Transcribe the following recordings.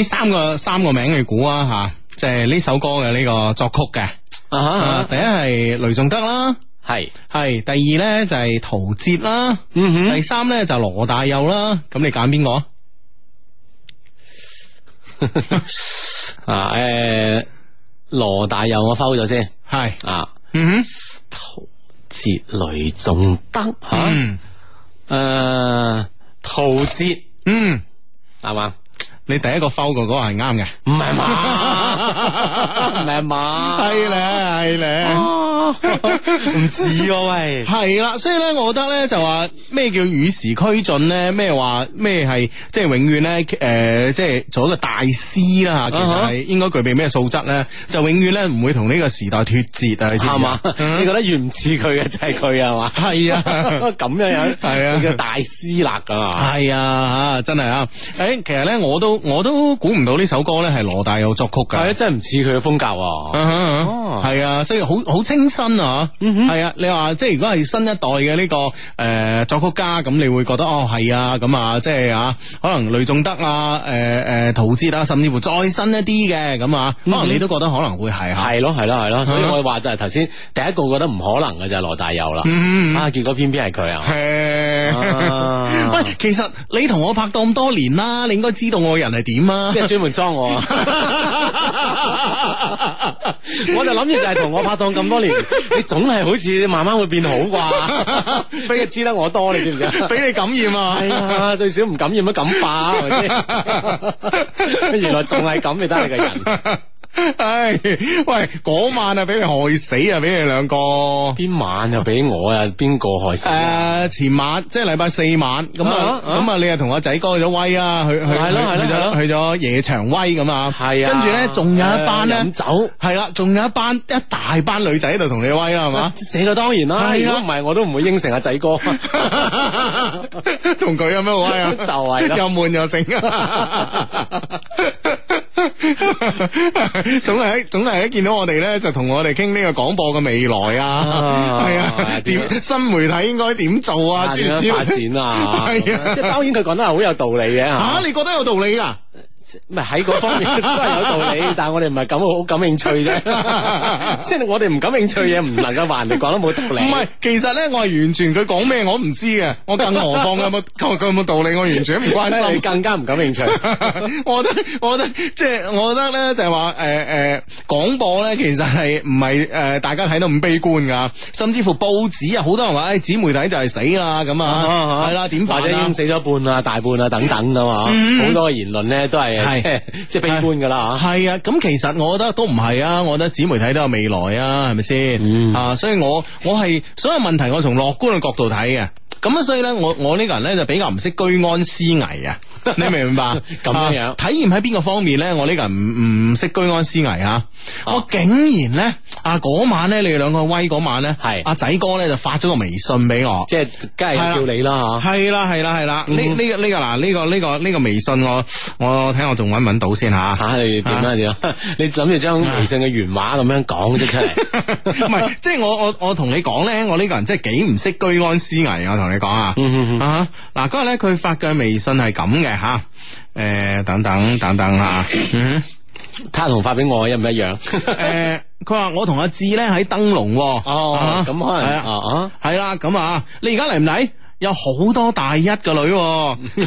呢三個三個名去估啊吓，即係呢首歌嘅呢、呢個作曲嘅，第一係雷頌德啦，係係是，第二咧就係陶喆啦，嗯哼，第三咧就羅大佑啦，咁你揀邊個？啊，誒、嗯，羅大佑我剖咗先，係啊，嗯哼，陶喆、雷頌德，嗯，誒，陶喆，嗯，啱嘛。你第一個 foul 嗰個係啱嘅，唔係嘛，唔係嘛，係咧係咧，唔似喂，係啦，所以咧，我覺得咧就話咩叫與時俱進咧，咩話咩係即係永遠咧，誒，即係做一個大師啦吓，其實係應該具備咩素質咧，就永遠咧唔會同呢個時代脫節啊，你知係嘛，你覺得越唔似佢啊，就係佢啊嘛，係啊，咁樣樣係啊，叫大師啦噶，係啊吓，真係啊！誒，其實咧我都。我都估唔到呢首歌咧係羅大佑作曲噶，係真係唔似佢嘅風格，啊。哦、uh，啊、huh, uh huh.，所以好好清新啊！係啊、uh huh.，你話即係如果係新一代嘅呢、這個誒、呃、作曲家，咁你會覺得哦係咁、啊，即係可能雷頌德誒誒陶喆，甚至乎再新一啲嘅咁，啊 uh huh. 可能你都覺得可能會係係咯係咯係咯，所以我話就係頭先第一個覺得唔可能嘅就係、是、羅大佑啦，啊、uh huh. uh, 結果偏偏係佢啊。喂，其實你同我拍檔咁多年啦，你應該知道我人。係點啊？即係專門裝我啊。 我就諗住就係同我拍檔咁多年，你總係好似慢慢會變好啩？俾佢知得我多，你知唔知？俾你感染啊！哎、最少唔感染都感化，係咪先？ 原來仲係咁，你得你個人。唉，喂，嗰晚啊，俾你害死啊，俾你兩個。邊晚又俾我啊？邊個害死？啊，前晚即係禮拜四晚咁啊，咁啊，你又同阿仔哥去咗威啊，去去去咗夜場威咁啊。係啊，跟住咧仲有一班咧飲酒，係啦，仲有一班一大班女仔喺度同你威啦，係嘛？死個當然啦，如果唔係我都唔會應承阿仔哥。同佢有咩威啊？就係又悶又盛。 總係一總係一見到我哋咧，就同我哋傾呢個廣播嘅未來啊，係啊，點新媒體應該點做啊？發展啊，係啊，啊 啊即係當然佢講得係好有道理嘅，啊，吓，啊，你覺得有道理噶，啊？唔係喺嗰方面都係有道理，但係我哋唔係咁好感興趣啫。即係我哋唔感興趣嘢，唔能夠話人哋講得冇道理。唔係，其實咧，我係完全佢講咩我唔知嘅，我更何況有冇有冇道理，我完全都唔關心。更加唔感興趣。我覺得，我覺得，即係我覺得咧，就係話，誒誒，廣播咧，其實係唔係誒，大家睇到咁悲觀噶，甚至乎報紙啊，好多人話誒，紙媒體就係死啊，咁係啦，點或者已經死咗半啊，大半啊，等等啊嘛，好多嘅言論咧都係。係即係悲觀噶啦係啊，咁其實我覺得都唔係啊，我覺得紙媒體都有未來啊，係咪先？啊，嗯，所以我我係所有問題我從樂觀嘅角度睇嘅。咁 樣啊，所以咧，我我呢個人咧就比較唔識居安思危啊！你明唔明白？咁樣樣體驗喺邊個方面咧？我呢個人唔唔識居安思危啊！我竟然咧，嗰、啊、晚咧，你哋兩個威嗰晚咧，係阿仔哥咧就發咗個微信俾我，即係，梗係叫你啦，係啦、啊，係啦、啊，係啦、啊！呢呢呢個嗱，呢、這個呢、這個呢、這個這個這個這個微信，我我睇下我仲搵唔搵到先吓吓？你點樣點樣？啊你諗住將微信嘅原話咁樣講出嚟？唔係， 即係我我我同你講咧，我呢個人真係幾唔識居安思危啊！你講啊，嗯哼哼啊嗱，今日咧佢發嘅微信係咁嘅吓，誒，等等等等吓嗯，他同發俾我一唔一樣？誒，佢話我同阿志咧喺燈籠，哦，咁可能，啊啊，係啦，咁啊，你而家嚟唔嚟？有好多大一嘅女。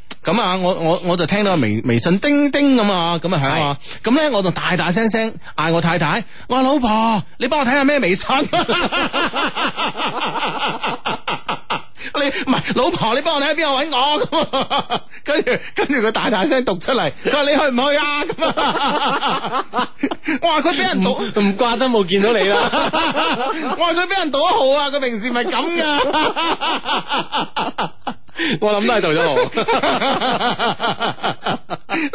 咁啊！我我我就聽到微微信叮叮咁啊，咁啊響啊！咁咧我就大大聲聲嗌我太太，我話老婆，你幫我睇下咩微信？ 你唔係老婆，你幫我睇下邊個搵我？咁跟住跟住佢大大聲讀出嚟，佢話你去唔去啊？咁 啊？我話佢俾人讀，唔怪得冇見到你啦。我話佢俾人讀得好啊！佢平時咪咁噶？ 我諗都係杜咗豪，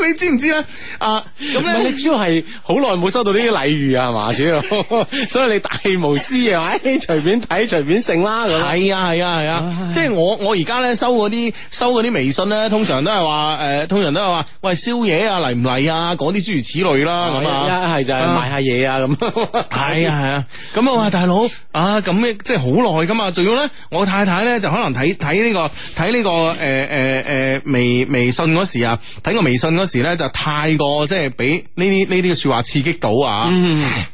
你知唔知咧？啊，咁咧，你主要係好耐冇收到呢啲禮遇啊，係嘛？主要，所以你大無私啊，隨便睇，隨便性啦咁。係啊，係啊，係啊！即係我我而家咧收嗰啲收嗰啲微信咧，通常都係話誒，通常都係話喂宵夜啊，嚟唔嚟啊？講啲諸如此類啦咁啊，係就係買下嘢，啊咁。係啊係啊，咁我話大佬啊，咁即係好耐噶嘛？仲要咧，我太太咧就可能睇睇呢個睇。呢、這個誒誒誒微微信嗰時啊，睇個微信嗰時咧就太過即係俾呢啲呢啲嘅說話刺激到、嗯、啊！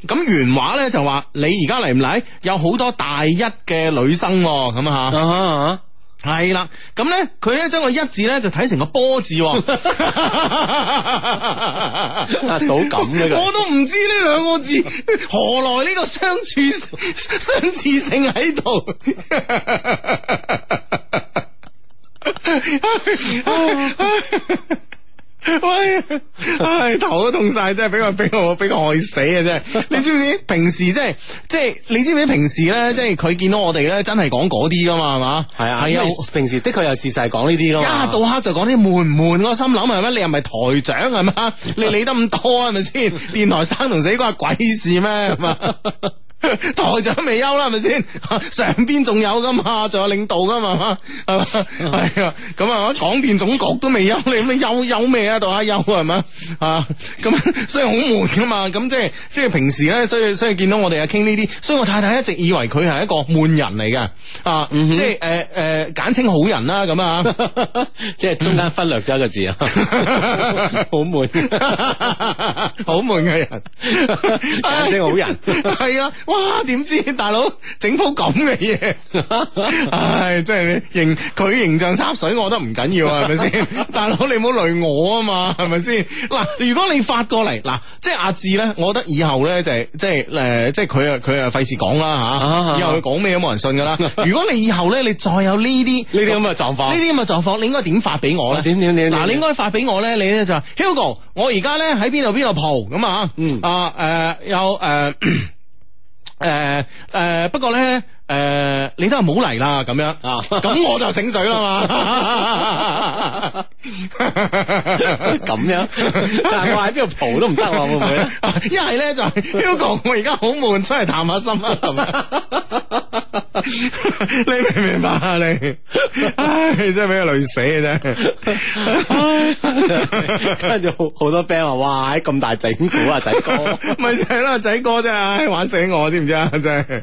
咁、嗯、原話咧就話你而家嚟唔嚟？有好多大一嘅女生咁、啊、吓、係、啊、啦。咁咧佢咧將個一字咧就睇成個波字、啊，數咁嘅。啊、我都唔知呢兩個字何來呢個相似相似性喺度。喂，唉，哎，哎，哎，哎，哎，頭都痛晒，真係俾我俾我俾我害死啊！真係，你知唔知平時即係即係？你知唔知平時咧，即係佢見到我哋咧，真係講嗰啲噶嘛，係嘛、哎？係啊，平時的確又事實講呢啲咯。到一到黑就講啲悶唔悶，個心諗係咩？你又唔係台長係嘛？你理得咁多係咪先？ 電台生同死關鬼事咩？係嘛？ 台長未休啦，係咪先？上邊仲有噶嘛？仲有領導噶嘛？係嘛？係啊，咁啊，廣電總局都未休，你咪休休咩啊？杜阿休係 嘛？啊，咁所以好悶噶嘛？咁即係即係平時咧，所以所以見到我哋啊，傾呢啲，所以我太太一直以為佢係一個悶人嚟噶，啊，即係誒誒，簡稱好人啦，咁啊， 即係中間忽略咗一個字，啊， 好悶，好悶嘅人，簡 稱好人，係 啊，哇！點知、啊、大佬整鋪咁嘅嘢？唉，即係形佢形象插水，我覺得唔緊要啊，係咪先？ 大佬你唔好累我啊嘛，係咪先？嗱、啊，如果你發過嚟，嗱、啊，即係阿志咧，我覺得以後咧就係即係誒，即係佢啊佢啊，費事講啦吓。啊啊、以後佢講咩都冇人信噶啦。如果你以後咧，你再有呢啲呢啲咁嘅狀況，呢啲咁嘅狀況，你應該點發俾我咧？點點點？嗱，你應該發俾我咧，你咧就話 Hugo，我而家咧喺邊度邊度蒲咁啊？嗯、啊，誒、啊啊呃啊呃呃，有誒。呃誒誒，不過咧。誒、呃，你都係冇嚟啦，咁樣，咁、啊、我就醒水啦嘛。咁 樣，但係我喺邊度蒲都唔得，會唔會？一係咧就，Hugo 我而家好悶，出嚟談下心，係咪？你明唔明白啊？你，唉，真係俾佢累死嘅啫。跟住好，多 friend 話，哇，喺咁大整蠱啊，仔哥，咪就係仔哥啫、啊，玩死我，知唔知啊？真、啊、係。啊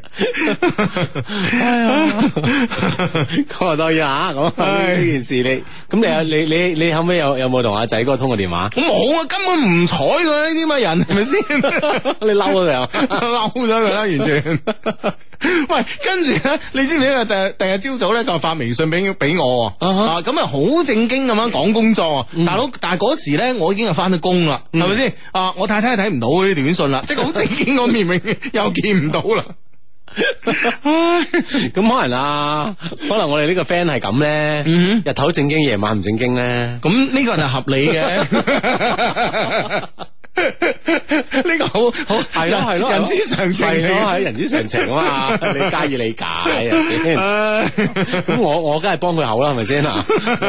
啊啊啊啊咁啊當然啦，咁 呢件事你咁你啊你你你後尾有有冇同阿仔哥通個電話？冇啊，根本唔睬佢呢啲咁嘅人，係咪先？ 你嬲咗佢，嬲咗佢啦，完 全。 喂，跟住咧，你知唔知第日第日朝早咧，佢又發微信俾俾我啊！咁啊好正經咁樣講工作，啊。大 佬樂，嗯、但係嗰時咧我已經係翻咗工啦，係咪先？我太太睇唔到呢啲短信啦，即係好正經個明明又見唔到啦。咁可能啊，可能我哋呢個 friend 係咁咧，嗯、哼日頭正經，夜晚唔正經咧，咁呢個係合理嘅。 呢個好好係咯係咯人之常情係咯係人之常情啊嘛你加以理解先咁我我梗係幫佢口啦係咪先啊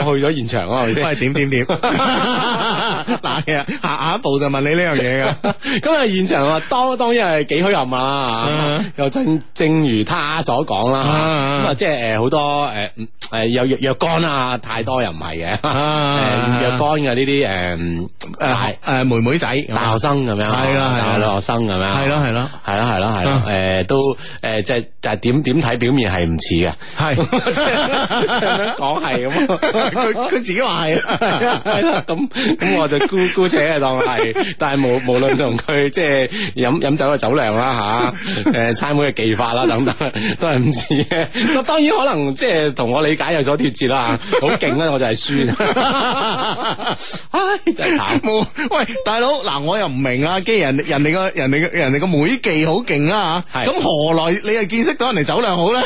我去咗現場啊係咪先點點點嗱其實下下一步就問你呢樣嘢噶咁啊現場當當然係幾墟冚啊又正正如他所講啦咁啊即係誒好多誒誒有若若干啊太多又唔係嘅誒若干嘅呢啲誒誒誒妹妹仔。後生咁樣，係啦係啦，後生咁樣，係咯係咯，係咯係咯係咯，誒都誒即係但係點點睇，表面係唔似嘅，講係咁，佢佢自己話係，咁咁、嗯、我就姑姑且係當係，但係無無論同佢即係飲飲酒嘅酒量啦吓，誒餐會嘅技法啦等等，都係唔似嘅。咁當然可能即係同我理解有所脫節啦，好勁咧、啊、我就係輸，哎真 啊、真 唉就係慘喂，喂大佬嗱。我又唔明啊，既然人哋個人哋個人哋個妹技好勁啊嚇，咁係何來你又見識到人哋酒量好咧？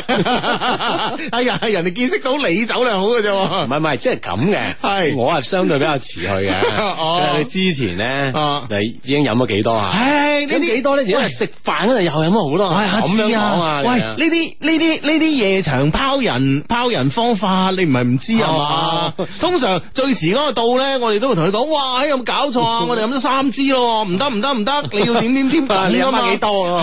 哎呀，人哋見識到你酒量好嘅啫。唔係唔係，即係咁嘅。係、就是、我係相對比較遲去嘅。 哦、就你之前咧、哦、就已經飲咗幾多啊？呢啲幾多咧？如果係食飯嗰陣又飲咗好多。咁樣講啊。喂，呢啲呢啲呢啲夜場拋人拋人方法，你唔係唔知啊嘛？哦、 通常最遲嗰個到咧，我哋都會同佢講：哇，有冇搞錯啊？我哋飲咗三支。咯，唔得唔得唔得，你要點點添你嘛？呢晚幾多？係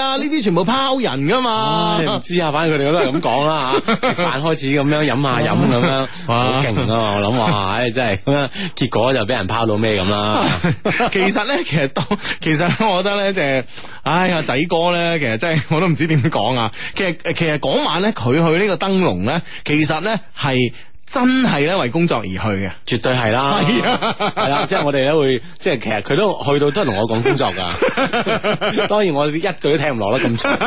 啊，呢啲、啊、全部拋人噶嘛？你唔、哎、知啊，反正佢哋都係咁講啦吓。慢慢 開始咁樣飲下飲咁樣，好勁啊！我諗哇，唉、哎，真係咁樣，結果就俾人拋到咩咁啦。 其實咧，其實當，其實我覺得咧，即係，哎呀，仔哥咧，其實真係我都唔知點講啊。其實，其實嗰晚咧，佢去呢個燈籠咧，其實咧係。真係咧為工作而去嘅，絕對係啦，係啦，即係我哋咧會，即係其實佢都去到都係同我講工作噶， 當然我一句都聽唔落啦，咁長，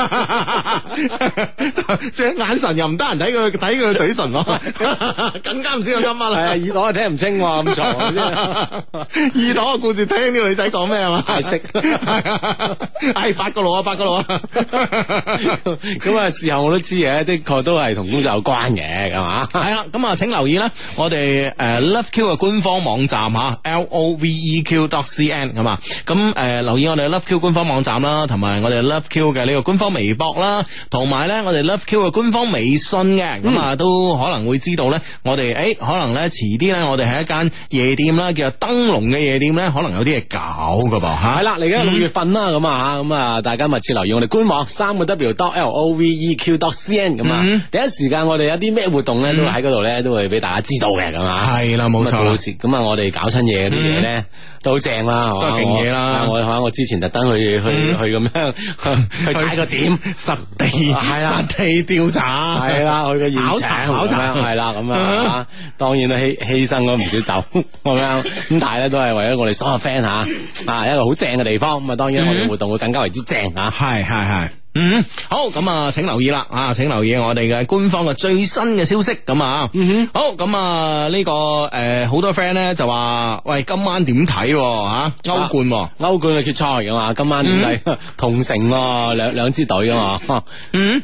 即係 眼神又唔得人睇佢睇佢嘅嘴唇咯， 更加唔知個心啊，耳朵又聽唔清，咁長，耳朵顧住聽啲女仔講咩係嘛，食，係八個路啊八個路，咁啊事後我都知嘅，的確都係同工作有關嘅，係嘛，係 啦，咁 alike 啊請。留意啦，我哋誒 Love Q 嘅官方網站吓，L O V E Q dot C N 係啊，咁誒留意我哋 Love Q 官方網站啦，同埋我哋 Love Q 嘅呢個官方微博啦，同埋咧我哋 Love Q 嘅官方微信嘅，咁啊、嗯、都可能會知道咧，我哋誒可能咧遲啲咧，我哋係一間夜店啦，叫做燈籠嘅夜店咧，可能有啲嘢搞噶噃，係啦，嚟緊六月份啦，咁啊咁啊，大家密切留意我哋官網三個 W dot L O V E Q dot C N 咁啊，嗯、第一時間我哋有啲咩活動咧、嗯，都會喺度咧都。嚟俾大家知道嘅，咁啊，係啦，冇錯。咁啊，我哋搞親嘢啲嘢咧，都好正啦，好勁嘢啦。我睇我之前特登去去去咁樣去踩個點，實地係啦，地調查係啦，去個考察考察係啦，咁樣啊。當然啦，犧犧牲咗唔少酒，咁樣咁，但係咧都係為咗我哋所有 friend 吓啊一個好正嘅地方。咁啊，當然我哋活動會更加為之正啊！係係係。嗯，mm hmm. 好，咁啊，請留意啦，啊，請留意我哋嘅官方嘅最新嘅消息，咁啊，嗯、mm，哼、hmm.，好，咁啊、這個，呢個誒，好多 friend 咧就話，喂，今晚點睇，啊？吓、啊，歐冠、啊、歐、啊、冠嘅決賽噶嘛，今晚點睇、mm hmm. 同城兩、啊、兩支隊噶嘛，嗯、啊，mm hmm.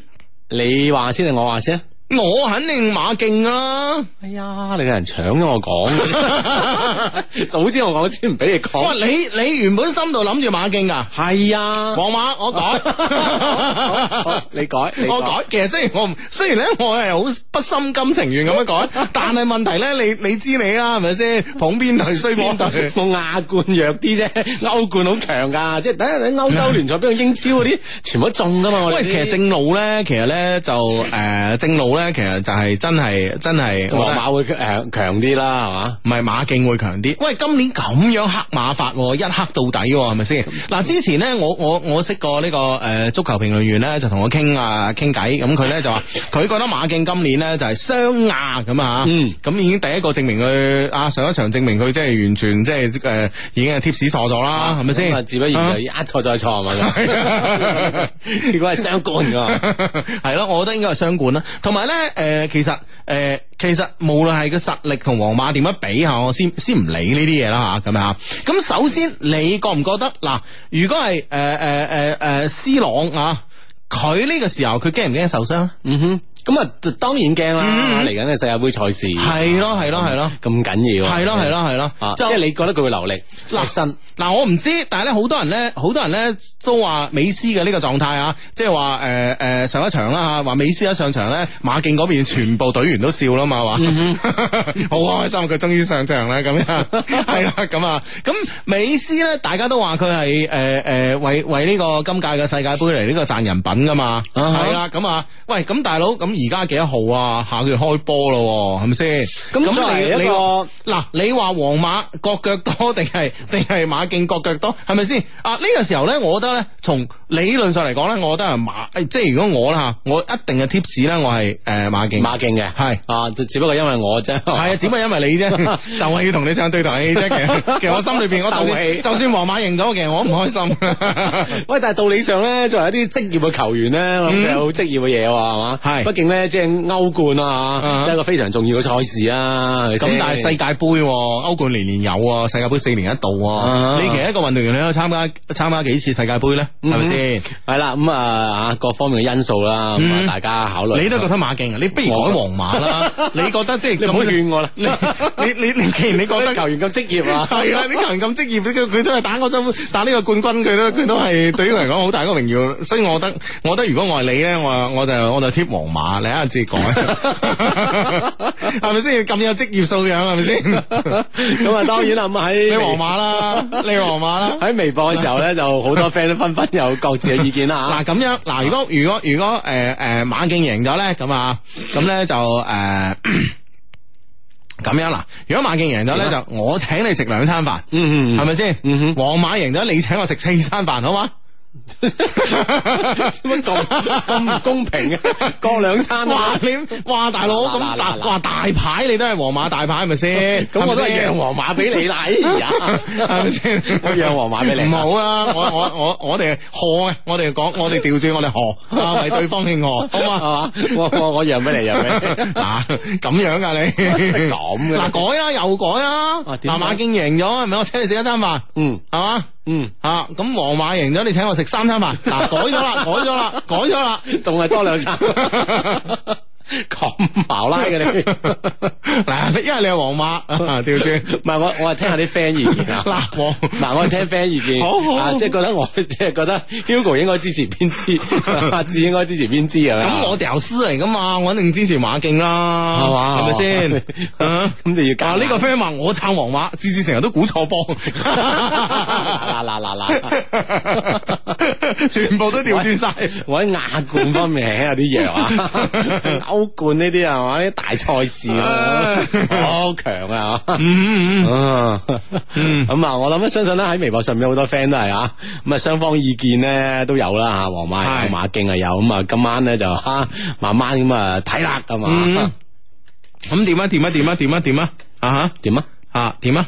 你話先定我話先？我肯定馬競啦，哎呀，你有人搶咗我講，早知我我先唔俾你講。喂，你你原本心度諗住馬競噶？係啊，皇馬我講，你改我改。其實雖然我唔，雖然咧我係好不心甘情願咁樣改，但係問題咧，你你知你啦，係咪先捧邊隊衰邊隊？我亞冠弱啲啫，歐冠好強噶，即係等一你歐洲聯賽，邊個英超嗰啲全部都中噶嘛？喂，其實正路咧，其實咧就誒正路咧。其實就係真係真係馬會誒強啲啦係嘛，唔係馬競會強啲。喂，今年咁樣黑馬發、啊，一黑到底係咪先？嗱， 之前呢，我我我識過呢個誒足球評論員咧就同我傾啊傾偈，咁佢咧就話佢覺得馬競今年呢就係雙亞咁啊。咁、嗯、已經第一個證明佢啊，上一場證明佢即係完全即係誒已經係貼士傻咗啦，係咪先？嗯、自不然係一錯再錯係咪咁？結果係雙冠嘅，係咯，我覺得應該係雙冠啦。同埋咧。誒、呃，其實誒、呃，其實無論係個實力同皇馬點樣比吓，我先先唔理呢啲嘢啦吓，咁樣，咁首先你覺唔覺得嗱，如果係誒誒誒誒，C 朗啊，佢呢個時候佢驚唔驚受傷？嗯哼。咁啊就當然驚啦，嚟緊嘅世界盃賽事係咯係咯係咯咁緊要、啊，係咯係咯係咯，即係、啊、就你覺得佢會留力、力身。嗱我唔知，但係咧好多人咧，好多人咧都話美斯嘅呢個狀態，即係話誒誒上一場啦吓，話美斯一上場咧，馬競嗰邊全部隊員都笑啦嘛，話好、嗯、 開心佢終於上場咧，咁樣係啦咁。咁 美斯咧，大家都話佢係誒誒為為呢個今屆嘅世界盃嚟呢個賺人品噶嘛，係啦、啊。咁的喂，咁大佬咁。咁而家幾多號啊？下個月開波啦，係咪先？咁作為一個嗱，你話皇馬國腳多定係定係馬競國腳多，係咪先？啊，呢個時候咧，我覺得咧，從理論上嚟講咧，我覺得係馬，即係如果我咧吓，我一定嘅 tips 咧，我係誒馬競馬競嘅，係啊，只不過因為我啫，係啊，只不過因為你啫，就係要同你唱對台戲啫。其實其實我心裏邊我就就算皇馬贏咗，其實我唔開心。喂，但係道理上咧，作為一啲職業嘅球員咧，咁有職業嘅嘢係嘛，係。即係歐冠啊，一個非常重要嘅賽事啊。咁但係世界杯，歐冠年年有，啊，世界杯四年一度。你其實一個運動員咧，你都參加參加幾次世界杯咧？係咪先？係啦，咁啊啊，各方面嘅因素啦，大家考慮。你都覺得馬競，你不如改皇馬啦。你覺得即係咁好勸我啦。你你你，既然你覺得球員咁職業啊，係啦，你球員咁職業，佢佢都係打個都打呢個冠軍，佢都佢都係對於佢嚟講好大個榮耀。所以我覺得，我覺得如果我係你咧，我我就我就貼皇馬。你啊，自己講，係咪先咁有職業素養，係咪先？咁啊，當然啦，咁咪喺你皇馬啦，你皇馬啦。喺微博嘅時候咧， 就好多 friend 都紛紛有各自嘅意見啦。嗱、 啊，咁樣，嗱，如果如果如果誒誒、呃、馬競贏咗咧，咁咁咧就誒咁樣啦、啊啊啊。如果馬競贏咗咧， 就我請你食兩餐飯，係咪先？皇馬贏咗，你請我食四餐飯，好嘛？乜咁咁唔公平嘅，過兩餐哇！你哇大佬咁大哇大牌，你都係皇馬大牌咪先？咁我都係讓皇馬俾你啦，係咪先？我讓皇馬俾你唔好啊！我我我我哋賀，我哋講，我哋調轉，我哋賀，為對方慶賀，好嘛？係嘛？我我我讓俾你，讓俾你啊！咁樣噶你咁嗱改啊，又改啊！阿馬競贏咗，係咪我請你食一餐飯？嗯，係嘛？嗯，吓，咁皇馬贏咗，你請我食三餐飯，嗱，改咗啦，改咗啦，改咗啦，仲係 多兩餐。 咁矛拉嘅你，嗱， 因為你係皇馬調轉，唔係、啊、我我係聽下啲 friend 意見，嗱、 啊、我，嗱我係聽 friend 意見，好好，好啊、即係覺得我即係覺得 Hugo 應該支持邊支，阿志、 啊、應該支持邊支啊？咁我屌絲嚟噶嘛，我肯定支持馬競啦，係嘛、啊，係咪先？咁就要，嗱呢個 friend 話我撐皇馬，次次成日都估錯波，嗱嗱嗱嗱，啊啊啊、 全部都調轉晒，搵亞冠方面有啲嘢啊。 歐冠呢啲啊，哇！ 啲大賽事，啊，好強啊！咁、嗯、啊， 我諗、嗯、相信咧喺微博上面好多 friend 都係啊，咁啊雙方意見咧都有啦吓，皇馬同是馬競啊有，咁啊今晚咧就啊慢慢咁啊睇啦，咁 嘛、嗯？咁點啊？點啊？點啊？點啊？點 啊？啊哈？點啊？啊點啊？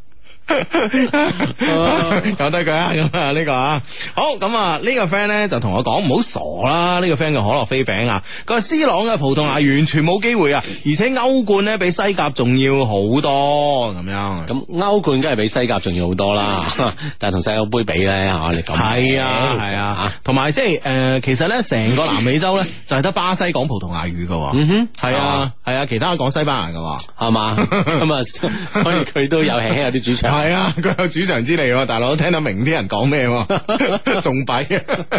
由、 呃、得佢啦、啊，咁啊呢個啊好咁啊呢個 friend 咧就同我講唔好傻啦，呢、這個 friend 叫可樂飛餅，啊。」話 C 朗嘅葡萄牙完全冇機會啊，而且歐冠呢，比西甲仲要好多，咁樣咁、嗯、歐冠梗係比西甲仲要好多啦，但係同世界杯比咧吓你咁係啊係啊，同埋即係誒，其實咧成個南美洲咧就係得巴西講葡萄牙語噶，嗯哼，係啊係啊，啊，啊，其他講西班牙噶係嘛，咁啊吧 所以佢都有輕輕有啲主場持人。係啊，佢有主場之利，大佬聽得明啲人講咩，仲弊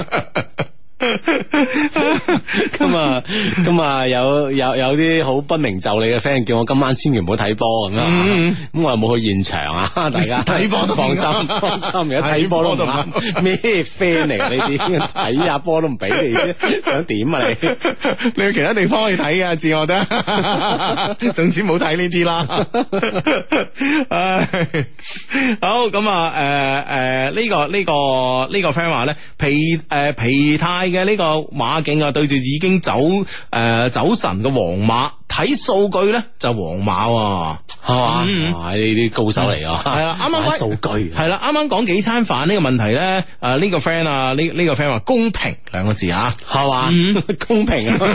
糟。 咁 啊，咁啊，有有有啲好不明就理嘅 friend 叫我今晚千祈唔好睇波咁啊，咁我唔冇去現場啊，大家睇波都放心，放心睇波都唔咩 friend 嚟？呢啲睇下波都唔俾 你，你， 你想點啊？你你去其他地方可以睇啊，自我得， 總之唔 好睇呢啲啦。唉，好咁啊，誒、呃、誒，呢、呃這個呢、這個呢、這個 friend 話咧皮誒、呃、皮呔。嘅呢個馬競啊，對住已經走誒、呃、走神嘅皇馬，睇數據咧就是、皇馬啊，係嘛、嗯，買呢啲高手嚟啊！係啦對，啱啱講數據係啦，啱啱講幾餐飯呢個問題咧？誒、啊，呢、這個 friend 啊呢呢、這個 friend 話公平兩個字啊，係嘛？公平。啊，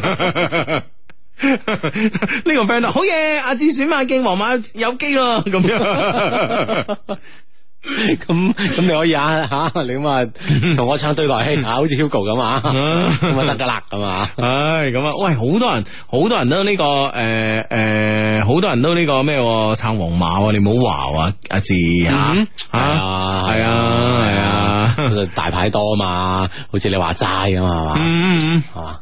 呢個 friend 話好嘢，阿、啊、志選馬競、啊，皇馬有機咯，咁樣。 咁 咁你可以啊吓、啊，你咁啊同我唱對台戲 啊，好似 Hugo 咁啊，咁啊得噶啦咁啊。唉咁，啊，喂，好多人，好多人都呢、呢個誒誒，好、呃、多人都呢、呢個咩撐皇馬，你唔好話啊，阿志吓啊，係啊。大牌多啊嘛，好似你話齋咁啊嘛，係嘛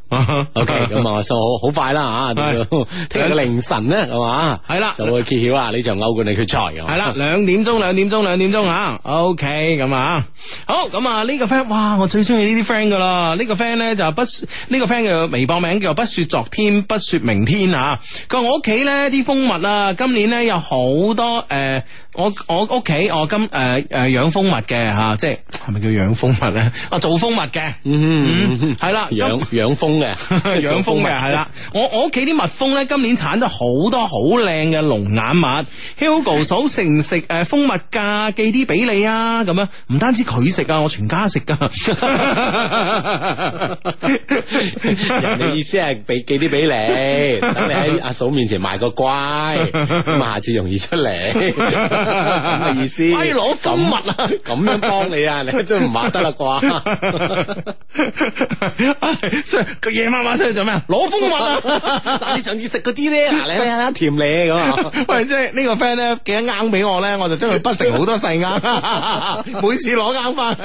？O K，咁啊，所以好快啦啊，聽日凌晨咧，係嘛？係啦，就會揭曉呢場歐冠嘅決賽。係啦，兩點鐘，兩點鐘，兩點鐘啊！O K，咁啊，好咁啊，呢個 friend，哇，我最中意呢啲 friend 噶啦，呢個 friend 咧就不，呢個 friend 嘅微博名叫不說昨天，不說明天啊！佢話我屋企咧啲蜂蜜啊，今年咧有好多誒。我我屋企我今誒誒、呃呃、養蜂蜜嘅吓、啊，即係係咪叫養蜂蜜咧？啊做蜂蜜嘅，嗯嗯，係啦，養、嗯、養蜂嘅， 養蜂嘅係啦。我我屋企啲蜜蜂咧，今年產咗好多好靚嘅龍眼蜜。 Hugo 嫂食唔食誒蜂蜜噶？寄啲俾你啊，咁樣唔單止佢食啊，我全家食噶。 人哋意思係俾寄啲俾你，等你喺阿嫂面前賣個乖，咁啊，下次容易出嚟。 咁嘅 意思？哎，攞蜂蜜啊！咁樣幫你啊，你真係唔話得啦啩？即係佢夜晚晚出去做咩？攞蜂嗎蜜啊！你上次食嗰啲咧，嗱，你咩啊？甜你！咁。啊！ 喂，即係、這個、呢個 friend 咧，記得啱俾我咧，我就將佢不食好多細啱， 每次攞啱翻。呢、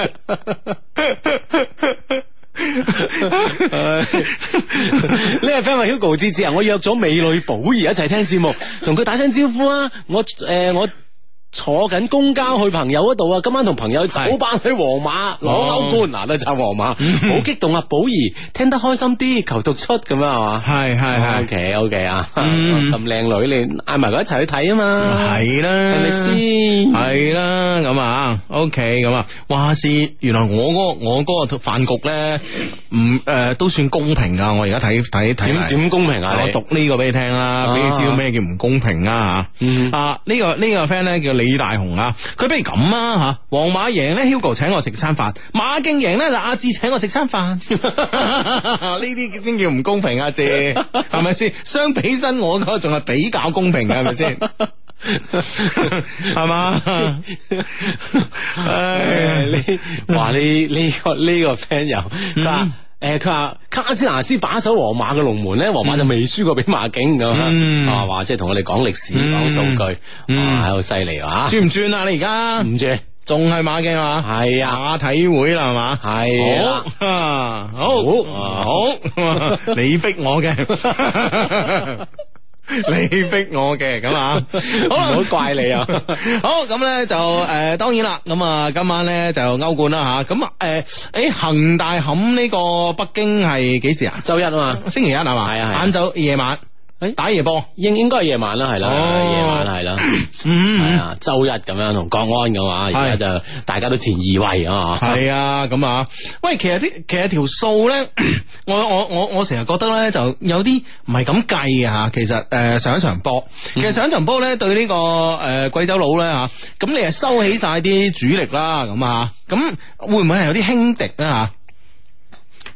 這個 friend 係 Hugo 芝芝啊！我約咗美女寶兒一齊聽節目，同佢打聲招呼啊！我誒、呃，我。坐緊公交去朋友嗰度啊！今晚同朋友走班去皇馬攞歐冠，嗱都係皇馬，好激動啊！寶儀聽得開心啲，求讀出咁啊嘛！係係係，O K O K 啊！咁靚女，你嗌埋佢一齊去睇啊嘛！係啦，係咪先？係啦，咁啊，O K，咁啊，哇，事原來我嗰我嗰個飯局咧，唔誒都算公平噶。我而家睇睇睇點公平啊！我讀呢個俾你聽啦，俾你知道咩叫唔公平啦吓。啊呢個呢個 friend 咧叫。李大雄啊，佢不如咁啊吓，皇、啊、馬贏咧，Hugo 請我食餐飯，馬競贏咧就阿志請我食餐飯，呢啲先叫唔公平啊，姐係咪先？相比身我個仲係比較公平嘅，係咪先？係嘛？唉，你話你呢個呢個 friend 又？嗯誒，佢話卡斯納斯把守皇馬嘅龍門咧，皇馬就未輸過俾馬競。咁、嗯、啊，話即係同我哋講歷史、講數據，哇、嗯，好犀利哇！轉唔轉啊？啊轉轉啊你而家唔轉，仲係馬競啊？係啊，馬體會啦嘛？係、啊、好啊，好，好好好你逼我嘅。 你逼我嘅咁啊， 好啦，唔好怪你啊？ 好，咁咧就誒、呃，當然啦，咁啊今晚咧就歐冠啦吓，咁啊，誒誒，恒大冚，呢個北京係幾時啊？周一啊嘛，星期一係嘛？係啊晏晝、啊、夜晚。誒，打夜波應應該係夜晚啦，係啦，夜、哦、晚係啦，係啊、嗯，周一咁樣同國安嘅話，而家就大家都前二位啊，係啊的，咁啊， 喂，其實啲其實條數咧，我我我我成日覺得咧，就有啲唔係咁計啊，其實誒、呃、上一場波，其實上一場波咧對、這個呃、貴呢個誒貴州佬咧吓，咁、啊、你係收起晒啲主力啦，咁啊，咁會唔會係有啲輕敵咧吓？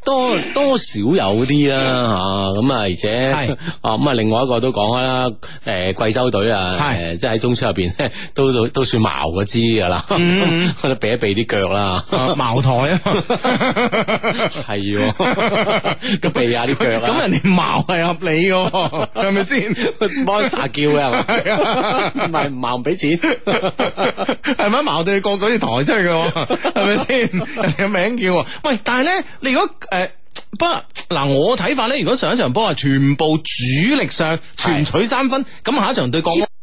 多多少有啲啦吓，咁啊而且哦咁啊另外一個都講開啦，誒貴州隊啊，即係喺中超入邊都都都算矛嗰支噶啦，佢都避一避啲腳啦，茅台啊，係個鼻啊啲腳啊，咁人哋茅係合理嘅，係咪先 sponsor 叫嘅係咪？唔係唔茅唔俾錢，係咪茅對過啲台出嘅，係咪先？人哋個名叫，喂，但係咧你如果。不過嗱，我睇法咧，如果上一場波啊，全部主力上全取三分，咁的下一場對港。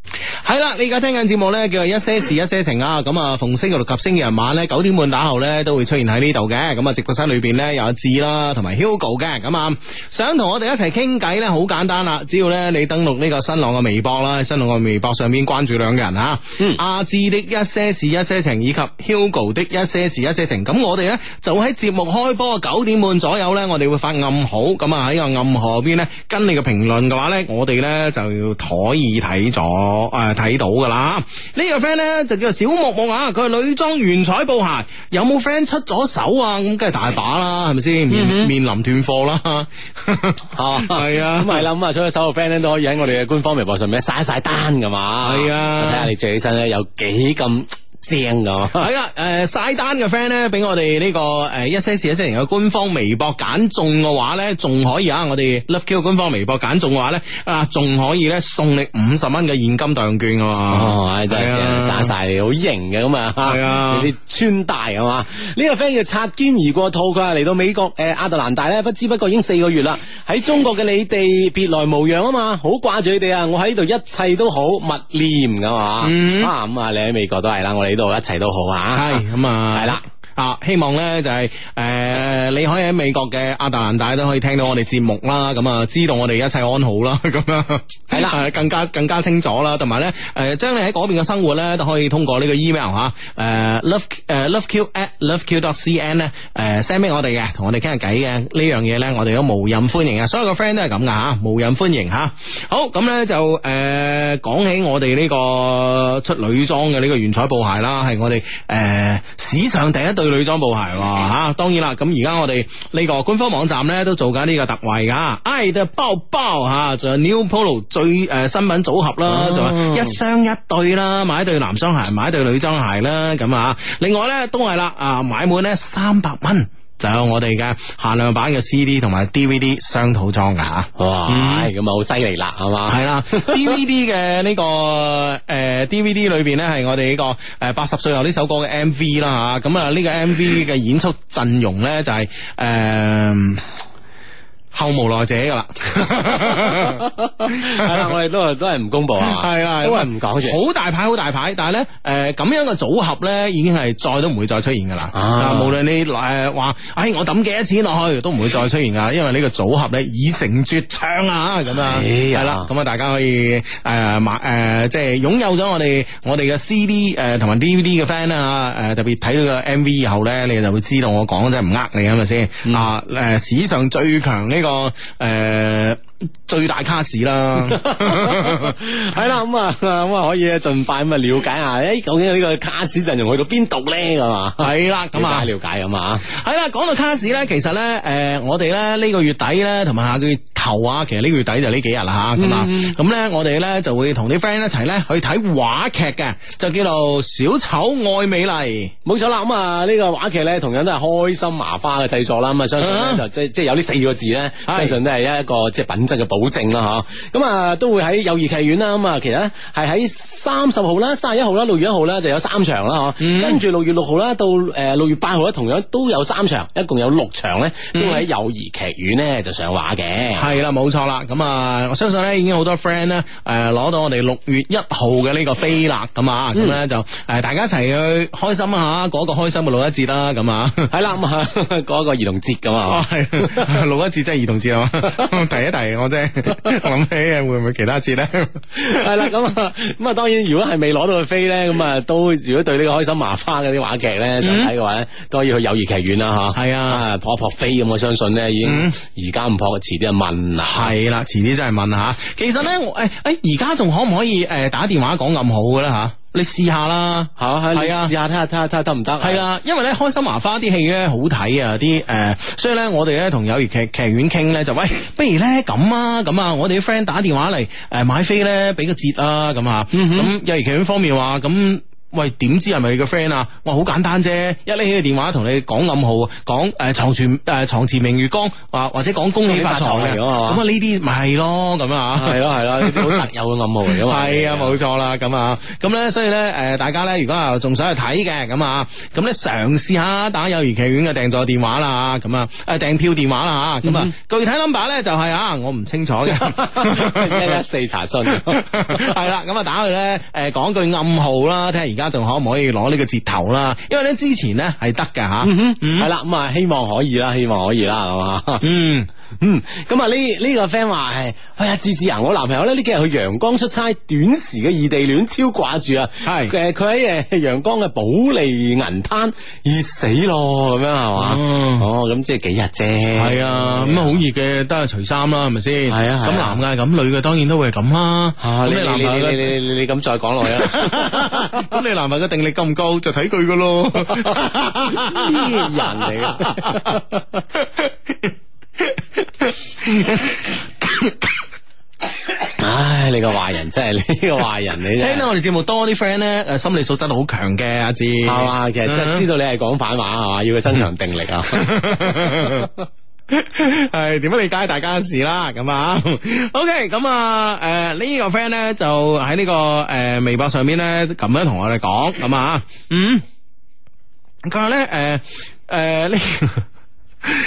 係啦，你而家聽緊節目呢，叫做一些事一些情啊！咁、呃、啊，逢星期六及星期日晚呢，九點半打後呢，都會出現喺呢度嘅。咁、嗯、啊，直播室裏邊呢，有阿志啦，同埋 Hugo 嘅。咁啊，想同我哋一齊傾偈呢，好簡單啦，只要呢，你登錄呢個新浪嘅微博啦、啊，新浪嘅微博上邊關注兩個人吓，啊、嗯，阿志、啊、的一些事一些情，以及 Hugo 的一些事一些情。咁、啊、我哋呢，就喺節目開波九點半左右呢，我哋會發暗號，咁啊，喺個暗號入邊呢，跟你嘅評論嘅話呢，我哋呢，就要可以睇咗。誒，睇、啊、到噶啦，這個、呢個 friend 咧就叫做小木木啊，佢係女裝原彩布鞋，有冇 friend 出咗手啊？咁梗係大把啦，係咪先？面臨斷貨啦， 啊，係啊，咁係啦，咁啊，出咗手嘅 friend 咧都可以喺我哋嘅官方微博上面晒晒單噶嘛，係啊，睇下你着起身咧有幾咁。正噶，係啦，誒晒、呃、單嘅 friend 咧，俾我哋呢、這個誒、呃、一些事一些人嘅官方微博揀中嘅話咧，仲可以啊！我哋 Love Q 官方微博揀中嘅話咧，啊仲可以咧送你五十蚊嘅現金代用券噶。哦，哎、真係正，灑晒、啊、好型嘅咁啊，你穿大啊嘛？呢、啊、個 friend 要擦肩而過套，佢啊。嚟到美國誒亞、呃、特蘭大咧，不知不覺已經四個月啦。喺中國嘅你哋別來無恙啊嘛，好掛住你哋啊！我喺度一切都好，勿念噶嘛、嗯啊。啊，咁啊，啊，你喺美國都係啦，我哋。我喺度一齊都好啊，係咁、嗯、啊，係啦。啊！希望咧就係、是、誒、呃，你可以喺美國嘅亞特蘭大都可以聽到我哋節目啦，咁啊知道我哋一切安好啦，咁樣係啦，更加更加清楚啦，同埋咧誒，將、呃、你喺邊嘅生活咧都可以通過個 ail,、啊 love, 啊 cn, 啊這個、呢個 email 吓，誒 love 誒 loveq at loveq dot cn 咧，誒 send 俾我哋嘅，同我哋傾下偈嘅呢樣嘢咧，我哋都無任歡迎啊！所有嘅 friend 都係咁噶吓，無任歡迎吓、啊。好，咁咧就誒講、呃、起我哋呢、這個出女裝嘅呢個原彩布鞋啦，係我哋誒、呃、史上第一對女裝布鞋喎嚇、啊，當然啦，咁而家我哋呢個官方網站咧都做緊呢個特惠噶，哎、啊，仲有包包嚇，仲、啊、有 New Polo 最誒、呃、新品組合啦，仲、啊啊、有一雙一對啦，買一對男裝鞋，買一對女裝鞋啦，咁啊，另外咧都係啦，啊，買滿咧三百蚊。就有我哋嘅限量版嘅 CD 同埋 DVD 雙套裝噶吓，哇，咁啊好犀利啦，係嘛，係啦 ，DVD 嘅呢、這個誒、呃、DVD 裏邊咧係我哋呢個誒八十歲後呢首歌嘅 MV 啦、啊、吓，咁啊呢個 MV 嘅演出陣容咧就係、是、誒。呃後無來者噶啦，係啦，我哋都都係唔公布啊，係啊，都係唔講住，好大牌，好大牌，但係咧，誒、呃、咁樣嘅組合咧，已經係再都唔會再出現噶啦，啊、無論你誒話、呃，哎我抌幾多錢落去，都唔會再出現噶，因為呢個組合咧已成絕唱啊，咁啊，係啦、 哎呀，咁啊，大家可以誒買誒，即係擁有咗我哋我哋嘅 C D 誒同埋 D V D 嘅 friend 啊、呃，誒特別睇到個 M V 以後咧，你就會知道我講真唔呃你係咪先？誒、嗯啊、史上最強呢。呢個誒。Uh. 最大卡士啦，係啦，咁啊咁啊可以咧，盡快咁啊了解下誒究竟呢個卡士陣容去到邊度咧？咁啊係啦，咁啊了解咁啊，係啦。講 到卡士咧，其實咧誒、呃，我哋咧呢個月底咧，同埋下個月頭啊，其實呢個，啊、個月底就呢幾日啦吓咁啊。咁咧、嗯嗯、我哋咧就會同啲 friend 一齊咧去睇話劇嘅，就叫做《小丑愛美麗》。冇錯啦，咁啊呢個話劇咧同樣都係開心麻花嘅製作啦。咁啊相信咧就 即即有呢四個字咧，相信都係一一個即係品真嘅保證啦，嗬、啊！咁都會喺幼兒劇院啦。咁啊，其實咧，係喺三十號啦、三十一號啦、六月一號啦，就有三場啦，嗬、嗯。跟住六月六號啦，到誒六月八號咧，同樣都有三場，一共有六場咧，都會喺幼兒劇院咧就上畫嘅。係啦、嗯，冇錯啦。咁啊，我相信咧，已經好多 friend 咧，誒攞到我哋六月一號嘅呢個飛啦咁，咁咧、嗯、就誒大家一齊去開心下，過一個開心嘅六一節啦。咁啊，係啦、嗯，咁過一個兒童節㗎嘛。啊、 六一節即係兒童節啊嘛。 提一提。我真諗起啊，會唔會其他節咧？係啦，咁咁啊，當然如果係未攞到佢飛咧，咁啊都如果對呢個開心麻花嘅啲話劇咧，想睇嘅話咧，都可以去友誼劇院啦吓。係啊，撲一撲飛咁，我相信咧，已經而家唔撲，遲啲啊問。係啦，遲啲真係問下。其實咧，誒誒，而家仲可唔可以誒打電話講咁好嘅咧吓？你試下啦，吓係啊，試下睇下睇下睇下得唔得？係啦，因為咧開心麻花啲戲咧好睇啊，啲、呃、誒，所以咧我哋咧同友誼劇劇院傾咧就喂，不如咧咁啊咁啊，我哋啲 friend 打電話嚟誒、呃、買飛咧俾個折啊咁啊，咁、啊嗯、哼友誼劇院方面話咁。喂，點知係咪你個 friend 啊？哇好簡單啫，一拎起個電話同你講暗號，講誒床前誒床前明月光，或或者講恭喜發床嘅咁啊，呢啲咪係咯咁啊，係咯係咯，呢啲好特有嘅暗號嚟噶嘛，係啊，冇錯啦，咁啊。咁咧，所以咧誒、呃，大家咧如果啊仲想去睇嘅咁啊，咁咧嘗試下打友誼劇院嘅訂座電話啦，咁啊訂票電話啦，咁啊具體 number 咧就係、是嗯就是、我唔清楚嘅一一四查詢詢，係啦， 咁啊打去咧誒講句暗號啦，聽而而家仲可唔可以攞呢個折頭啦？因為咧之前咧係得嘅吓，係啦，咁希望可以啦，希望可以啦，係嘛？嗯嗯，咁啊呢呢個 friend 話係，喂呀志志呀，我男朋友咧呢幾日去陽光出差，短時嘅異地戀超掛住啊！係佢喺誒陽光嘅保利銀灘熱死咯，咁樣係嘛？哦，咁即係幾日啫？係啊，咁啊好熱嘅，都係除衫啦，係咪先？係啊，咁男嘅係咁，女嘅當然都會係咁啦。吓，你你你你你你咁再講落啊？咁男仔嘅定力咁高，就睇佢噶咯，咩 人嚟啊？唉，你個壞人真係你個壞人，你個壞人你真係聽到我哋節目多啲 friend 咧，誒，心理素質好強嘅阿志，係嘛？ 其實真係知道你係講反話，係嘛？要佢增強定力啊！ 係點 樣理解大家嘅事啦？咁啊，OK，咁啊，誒、呃這個、呢、這個 friend 咧就喺呢個誒微博上面咧咁樣同我哋講咁啊，嗯，佢話咧誒誒呢。呃呃這個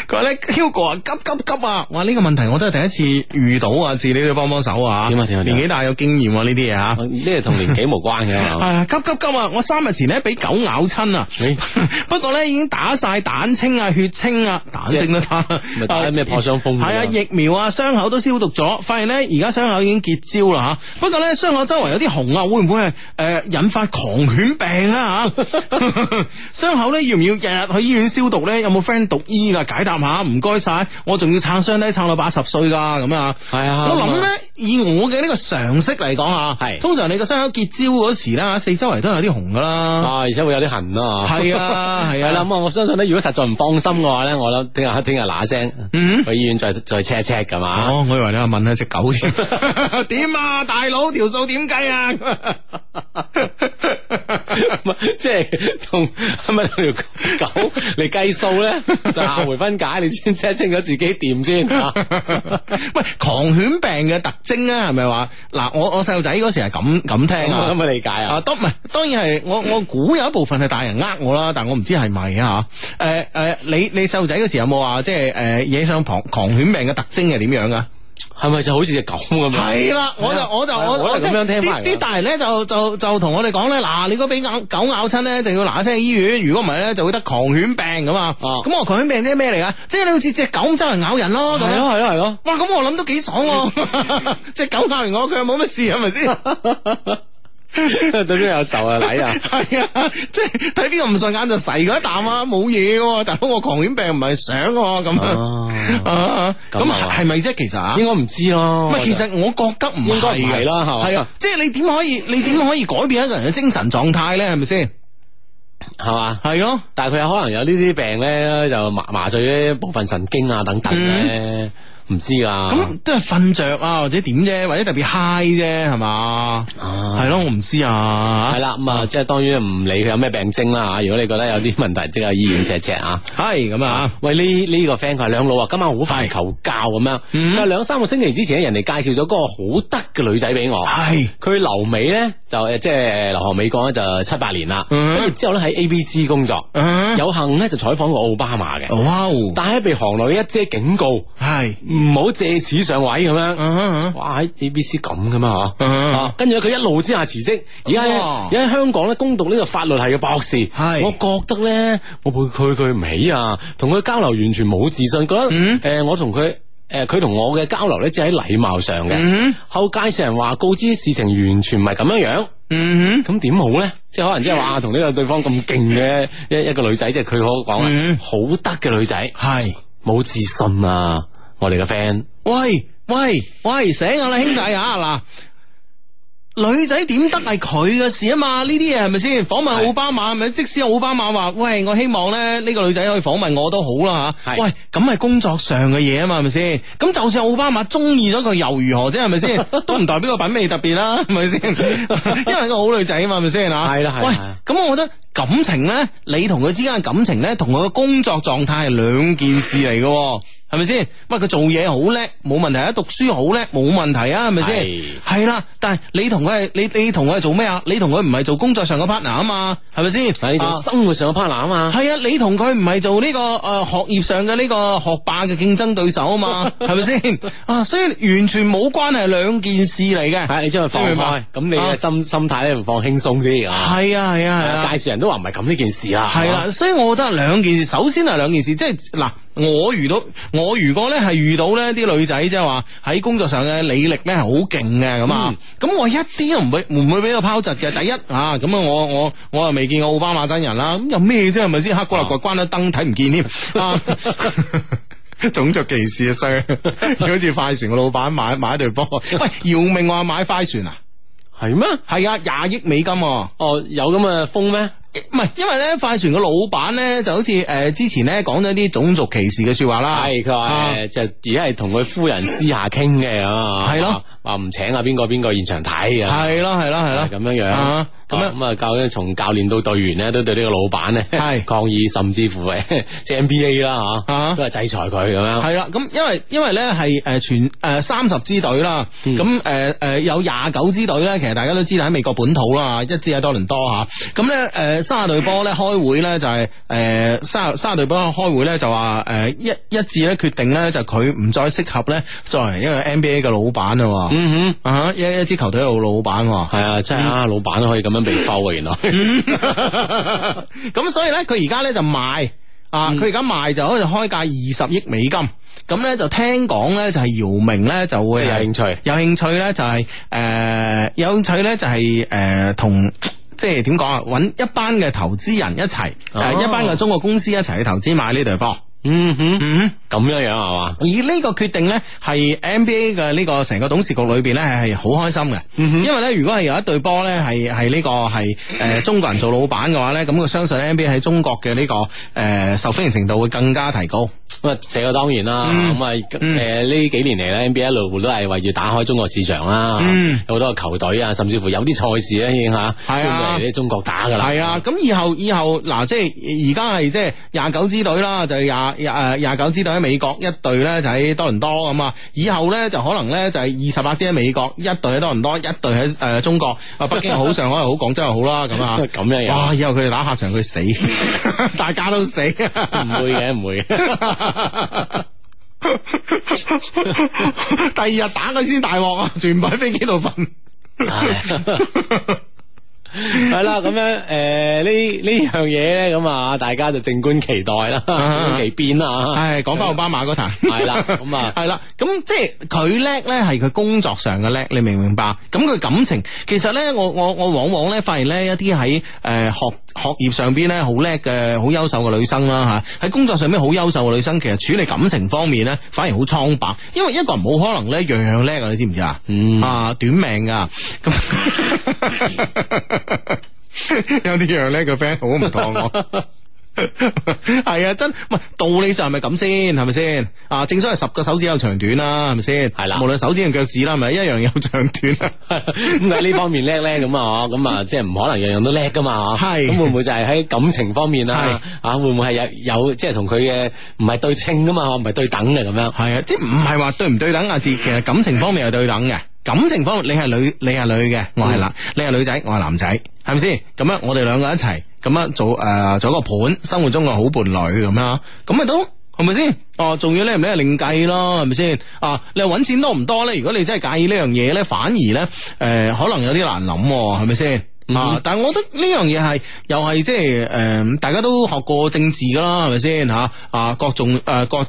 佢話咧 Hugo 啊，急急急啊！哇，呢、這個問題我都係第一次遇到，自要啊，字，你都幫幫手啊！停下、啊啊、年紀大有經驗呢啲嘢吓，呢係同年紀無關嘅、啊。係 急急急、啊！我三日前咧俾狗咬親啊， 不過咧已經打晒蛋清啊、血清啊、蛋清、啊、是都打，打咩破傷風、啊？係啊，疫苗啊，傷口都消毒咗。發現呢，而家傷口已經結焦啦吓。不過咧，傷口周圍有啲紅啊，會唔會係誒、呃、引發狂犬病啊？吓？ 傷口咧要唔要日日去醫院消毒咧？有冇 friend 讀醫噶？解答下，唔該晒，我仲要撐傷咧撐到八十歲噶，咁樣，係啊，我諗咧。以我嘅呢個常識嚟講，係是通常你個傷口結焦嗰時啦，四周圍都有啲紅噶啦，啊，而且會有啲痕咯，係啊，係 啊，咁啊，啊我相信咧，如果實在唔放心嘅話咧，我諗聽日聽日嗱聲，嗯、去醫院再再 check check 噶嘛，哦，我以為你係問下隻狗點，點 啊，大佬條數點計啊， 即係同係咪條狗嚟計數咧？就是、下回分解，你先 check 清咗自己掂先。喂、啊， 狂犬病嘅特精咧，係咪話嗱？我我細路仔嗰時係咁咁聽，可唔可以理解啊？啊當唔係當然係，我我估有一部分係大人呃我啦，但我唔知係咪啊。吓、啊？誒、啊、誒，你你細路仔嗰時有冇話即係誒惹上狂狂犬病嘅特徵係點樣噶？係咪就好似隻狗咁？係啦， 我就我就我我咁樣聽翻啲啲大人咧就就就同我哋講咧嗱，你如果俾咬狗咬親咧，就要嗱聲去醫院，如果唔係咧就會得狂犬病噶嘛。咁、啊、我狂犬病即係咩嚟啊？即係你好似隻狗周圍咬人咯。係咯係咯係咯。哇，咁我諗都幾爽喎！隻狗咬完我，佢又冇乜事，係咪先？ 對 邊有仇啊？睇啊？係 啊！即係睇邊個唔順眼就噬嗰一啖啊！冇嘢嘅，但係我狂犬病唔係想咁啊！咁係咪啫？其、啊、實、啊啊啊、應該唔知咯。係，其實我覺得唔應該係啦，係嘛？係啊！啊啊即係你點可以？你點可以改變一個人嘅精神狀態咧？係咪先？係嘛、啊？係咯、啊。但係佢有可能有呢啲病咧，就麻麻醉部分神經啊等等咧。嗯唔知啊？咁都係瞓着啊，或者點啫，或者特別 high 啫，係嘛？係咯，我唔知啊。係啦，咁啊，即係當然唔理佢有咩病徵啦。吓，如果你覺得有啲問題，即係醫院 check check 啊。係咁啊，喂，呢呢個 friend 佢話兩老啊，今晚好快求教咁樣。嗯，兩三個星期之前，人哋介紹咗個好得嘅女仔俾我。係，佢留美咧就即係留學美國咧就七八年啦。嗯，之後咧喺 ABC 工作，有幸咧就採訪過奧巴馬嘅。哇，但係被行內一姐警告係。唔好借此上位咁樣，哇喺 A B C 咁噶嘛嗬，跟住佢一怒之下辭職，而家而喺香港咧攻讀呢個法律系嘅博士，係我覺得咧我配佢佢唔起啊，同佢交流完全冇自信，覺得誒我同佢誒佢同我嘅交流咧只喺禮貌上嘅。後介紹人話告知事情完全唔係咁樣樣，咁點好咧？即係可能即係話同呢個對方咁勁嘅一一個女仔，即係佢可講好得嘅女仔，係冇自信啊。我哋嘅 friend，喂喂喂醒啦，兄弟啊嗱， 女仔點得係佢嘅事啊嘛？呢啲嘢係咪先，訪問奧巴馬係咪？的即使奧巴馬話喂，我希望咧呢個女仔可以訪問我都好啦吓。的喂，咁係工作上嘅嘢啊嘛，係咪先？咁就算奧巴馬中意咗佢，又如何啫？係咪先？ 都唔代表個品味特別啦，啊，係咪先？ 因為個好女仔啊嘛，係咪先啊？係啦係。咁我覺得感情咧，你同佢之間嘅感情咧，同佢嘅工作狀態係兩件事嚟嘅。係咪先？乜佢做嘢好叻，冇問題啊！讀書好叻，冇問題啊！係咪先？係啦，但係你同佢係你你同佢係做咩啊？你同佢唔係做工作上嘅 partner 啊嘛，係咪先？係做生活上嘅 partner 啊嘛？係啊，你同佢唔係做呢個誒學業上嘅呢個學霸嘅競爭對手啊嘛？係咪先？啊，所以完全冇關係，兩件事嚟嘅。係你將佢放開，咁你嘅心心態咧，放輕鬆啲。係啊係啊係啊！介紹人都話唔係咁呢件事啦。係啦，所以我覺得兩件事，首先係兩件事，即係嗱，我遇到我。我如果咧係遇到咧啲女仔，即係話喺工作上嘅履歷咧係好勁嘅咁啊，咁、嗯、我一啲都唔會唔會俾佢拋窒嘅。第一啊，咁我我我又未見過奧巴馬真人啦，咁有咩啫？係咪先黑落嚟？關咗燈睇唔見添， 種族歧視啊！衰，好似快船嘅老闆買買一對波，喂，姚明話買快船啊？係咩嗎？係啊，廿億美金哦，有咁嘅風咩？唔係，因為咧快船嘅老闆咧就好似誒、呃，之前咧講咗啲種族歧視嘅說話啦，係佢話誒，就而家係同佢夫人私下傾嘅啊，係咯。話唔請誰誰樣啊，邊個邊個現場睇啊？係、嗯、咯，係咯、嗯，係、嗯、咯，咁樣樣咁咁啊！教從教練到隊員咧，都對呢個老闆咧，係的抗議，甚至乎誒、啊，即係 NBA 啦吓，都係制裁佢咁樣。係啦，咁因為因為咧係誒全誒三十支隊啦，咁誒誒有廿九支隊咧，其實大家都知道喺美國本土啦，一支喺多倫多吓，咁咧誒卅隊波咧開會咧就係誒卅卅隊波開會咧就話、是、誒、呃呃、一一,一致咧決定咧就佢唔再適合咧作為一個 NBA 嘅老闆啊。嗯哼，一一支球隊個老闆，係啊，真係啊，嗯、老闆都可以咁樣被收啊，原來。咁 所以咧，佢而家咧就賣，佢而家賣就喺度開價二十億美金，咁咧就聽講咧就係姚明咧就會有，有興趣，有興趣咧就係、是、誒、呃、有興趣咧就係誒同即係點講啊？搵一班嘅投資人一齊，哦、一班嘅中國公司一齊去投資買呢隊波。嗯哼，嗯 咁樂樣樣係嘛？而呢個決定咧，係 NBA 嘅呢個成個董事局裏邊咧，係好開心嘅。 因為咧，如果係有一隊波咧，係係呢個係誒中國人做老闆嘅話咧，咁、那、我、個、相信咧，NBA 喺中國嘅呢個誒受歡迎程度會更加提高。咁啊，這個當然啦。咁啊、嗯，誒呢、呃、幾年嚟咧，NBA 一路都係為住打開中國市場啦。嗯、有好多個球隊啊，甚至乎有啲賽事咧已經吓遷嚟中國打噶啦。係啊，咁、啊嗯啊、以後以後嗱，即係而家係即係廿九支隊啦，就廿、是。廿誒廿九支隊喺美國一隊咧，就喺多倫多咁。啊，以後咧就可能咧就係二十八支喺美國一隊喺多倫多，一隊喺誒中國啊，北京又好，上海又好，廣州又好啦咁啊。咁樣樣，哇！以後佢哋打客場佢死，大家都死，唔會嘅，唔會嘅。 第二日打佢先大鑊啊！全部喺飛機度瞓。 係啦， 咁樣誒，呢呢樣嘢咁，大家就靜觀期待啦， 其變啦。唉， 講翻奧巴馬嗰壇，係啦、就是，咁係啦，咁即係佢叻咧，係佢工作上嘅叻，你明唔明白？咁佢感情，其實咧，我我我往往咧，發現咧，一啲喺誒學學業上邊咧好叻嘅，好優秀嘅女生啦吓，喺工作上邊好優秀嘅女生，其實處理感情方面咧，反而好蒼白，因為一個人冇可能咧樣樣叻啊，你知唔知、嗯、啊？嗯，短命噶咁。 有啲樣咧，個 friend 好唔妥我，係 啊，真唔係道理上係咪咁先？係咪先？啊，正所謂十個手指有長短啦，係咪先？係啦的，無論手指定腳趾啦，咪一樣有長短，咁喺呢方面叻叻咁啊，咁啊，即係唔可能樣樣都叻噶嘛，係咁的會唔會就係喺感情方面啊？的啊，會唔會係有有即係同佢嘅唔係對稱噶嘛？唔係對等嘅咁樣，係啊，即係唔係話對唔對等啊，志？其實感情方面係對等嘅。感情方面，你係女，你係女嘅，我係男，嗯、你係女仔，我係男仔，係咪先？咁樣我哋兩個一齊，咁樣做誒、呃，做一個伴，生活中嘅好伴侶咁啦，咁咪都係咪先？哦，仲、啊、要咧唔咧另計咯，係咪先？啊，你係搵錢多唔多咧？如果你真係介意呢樣嘢咧，反而咧，誒、呃，可能有啲難諗，係咪先？嗯、啊！但係我覺得呢樣嘢係又係即係誒，大家都學過政治噶啦，係咪先吓？啊，各種誒各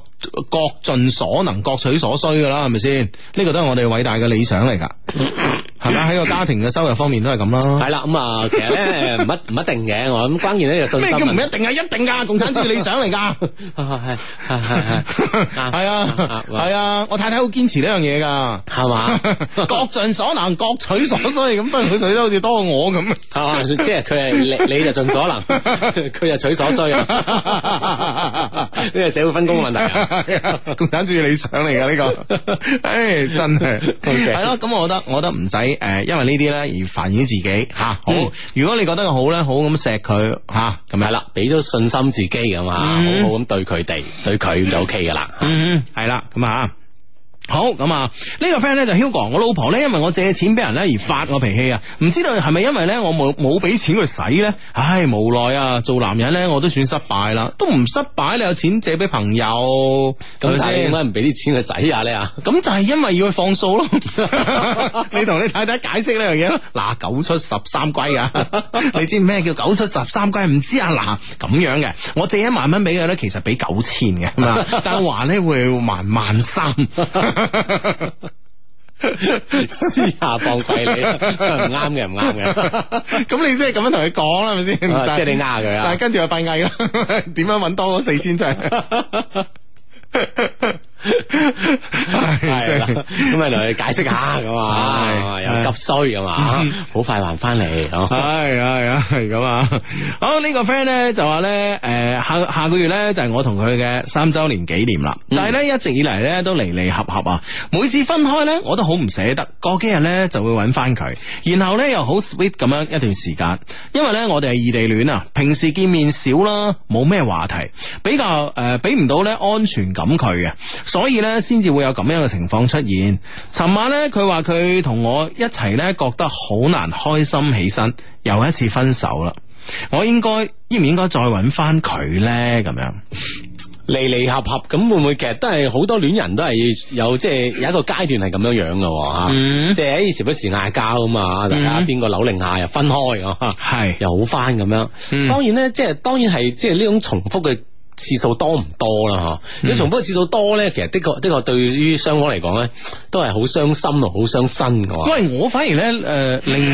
各盡所能，各取所需噶啦，係咪先？呢、呢個都係我哋偉大嘅理想嚟噶。嗯係啦，喺、啊、個家庭嘅收入方面都係咁啦。係啦、嗯，咁、嗯、啊，其實咧唔一唔一定嘅。我諗關鍵咧就信心。咩叫唔一定啊？一定噶，共產主義理想嚟噶。係係係係啊係啊，啊，啊，啊，啊！我太太好堅持呢樣嘢噶，係嘛是吧？ 各盡所能，各取所需。咁佢佢都好似多過我咁。係、啊、即係佢係你就盡所能，佢就取所需。啊。呢 個社會分工嘅問題、啊啊，共產主義理想嚟噶呢個。誒、 哎，真係係咯。咁、okay. 嗯嗯嗯嗯、我，我覺得我覺得唔使。誒、呃，因為呢啲咧而煩擾自己吓、啊，好。嗯、如果你覺得佢好咧，好咁錫佢吓，咁係啦，俾咗了信心自己啊嘛，嗯、好好咁對佢哋，對佢就 OK 噶啦。嗯，啊、嗯，係啦，咁啊。好咁啊，呢、這個 friend 咧就囂狂，我老婆咧因為我借錢俾人咧而發我脾氣啊，唔知道係咪因為咧我冇冇俾錢佢使咧？唉，無奈啊，做男人咧我都算失敗啦，都唔失敗，你有錢借俾朋友，咁咪先點解唔俾啲錢佢使啊？你啊，咁就係因為要去放數咯， 你同你太太解釋呢樣嘢咯。嗱、啊，九出十三歸啊，你知咩叫九出十三歸？唔知啊，嗱、啊、咁樣嘅，我借一萬蚊俾佢咧，其實俾九千嘅， 但係還咧會還萬三。 私下放鬼你，唔啱嘅，唔啱嘅，咁、 嗯、你即係咁樣同佢講啦，係咪先？即係你呃佢，啊， 但係跟住又閉翳啦，點 樣揾多嗰四千啫？ 係， 咁咪同你解釋下咁是啊，又、哎、急衰咁啊，好快還翻嚟。係啊係啊，係咁。好呢個 friend 咧就話咧，誒下下個月咧就係我同佢嘅三周年紀念啦。但係咧一直以嚟咧都離離合合啊，每次分開咧我都好唔捨得，過幾日咧就會揾翻佢，然後咧又好 sweet 咁樣一段時間。因為咧我哋係異地戀啊，平時見面少啦，冇咩話題，比較誒俾唔到咧安全感佢啊。所以咧，先至會有咁樣嘅情況出現。尋晚咧，佢話佢同我一齊咧，覺得好難開心起身，又一次分手啦。我應該應唔應該再揾翻佢咧？咁樣離離合合，咁會唔會其實都係好多戀人都係有即係、就是、有一個階段係咁樣樣噶吓，即係一時不時嗌交啊嘛，大家邊個扭擰下又分開，係 又好翻咁樣。當然咧，即係當然係即係呢種重複嘅。次數多唔多啦？嗬、嗯，你重複嘅次數多咧，其實的確的確對於雙方嚟講咧，都係好傷心啊，好傷身㗎。喂，我反而咧誒、呃，另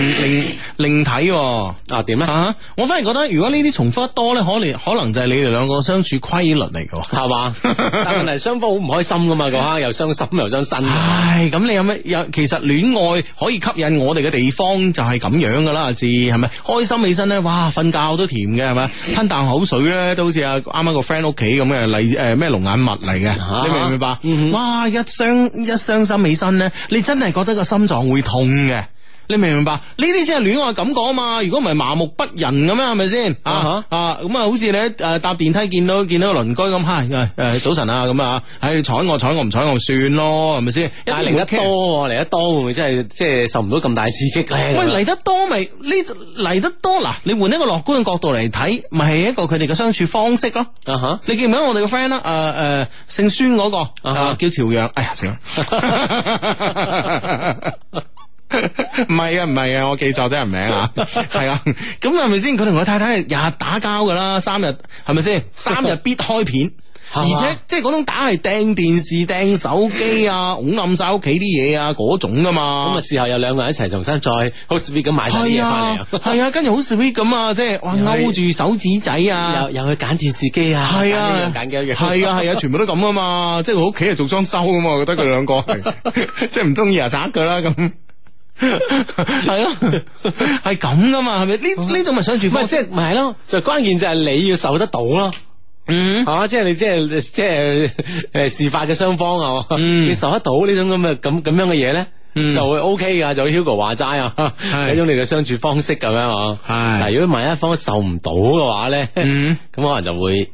另另睇、哦、啊？點咧、啊？我反而覺得如果呢啲重複得多咧，可能可能就係你哋兩個相處規律嚟㗎，係 嘛？但問題係雙方好唔開心噶嘛，吓，又傷心又傷身。唉，咁，你有咩有？其實戀愛可以吸引我哋嘅地方就係咁樣噶啦，阿志係咪？開心起身咧，哇，瞓覺都甜嘅係咪？吞啖口水咧都好似啊啱啱個。friend 屋企咁嘅例，誒咩龍眼蜜嚟嘅，你明唔明白？哇，一傷一傷心起身咧，你真係覺得個心臟會痛嘅。你明唔明白？呢啲先係戀愛感覺啊嘛！如果唔係麻木不仁咁樣？係咪先？啊啊！咁啊，好似你誒搭電梯見到見到個鄰居咁，嗨誒早晨啊咁啊，係睬我睬我唔睬我算咯，係咪先？一嚟得多嚟得多會唔會真係即係受唔到咁大刺激咧？喂嚟得多咪呢嚟得多嗱？你換一個樂觀嘅角度嚟睇，咪係一個佢哋嘅相處方式咯。你記唔記得我哋個 friend 啦？誒誒，姓孫嗰個叫朝陽。哎呀，成。唔係啊，唔係啊，我記錯咗人名啊，係啊，咁係咪先？佢同個太太日日打交噶啦，三日係咪先？三日必開片，而且即係嗰種打係掟電視、掟手機啊，拱冧晒屋企啲嘢啊，嗰種噶嘛。咁啊，事後有兩個人一齊重新再好 sweet 咁買晒嘢翻嚟，係啊，跟住好 sweet 咁，即係哇勾住手指仔，又又去揀電視機啊，係啊，揀機嘅，係啊，係啊，全部都咁啊嘛，即係佢屋企又做裝修噶嘛。我覺得佢兩個係即係唔中意啊，拆噶啦咁。係 咯， 係咁噶嘛，係咪？呢呢種咪相處方式，咪係咯？就關、是、鍵就係你要受得到咯，啊，即係你即係即係誒，事發嘅雙方啊，嗯嗯、你受得到呢種咁嘅咁咁樣嘅嘢咧，嗯、就會 OK 噶。就 Hugo 話齋，一種是你嘅相處方式咁樣啊。係是，如果萬一一方受唔到嘅話咧，咁、嗯、 可能就會。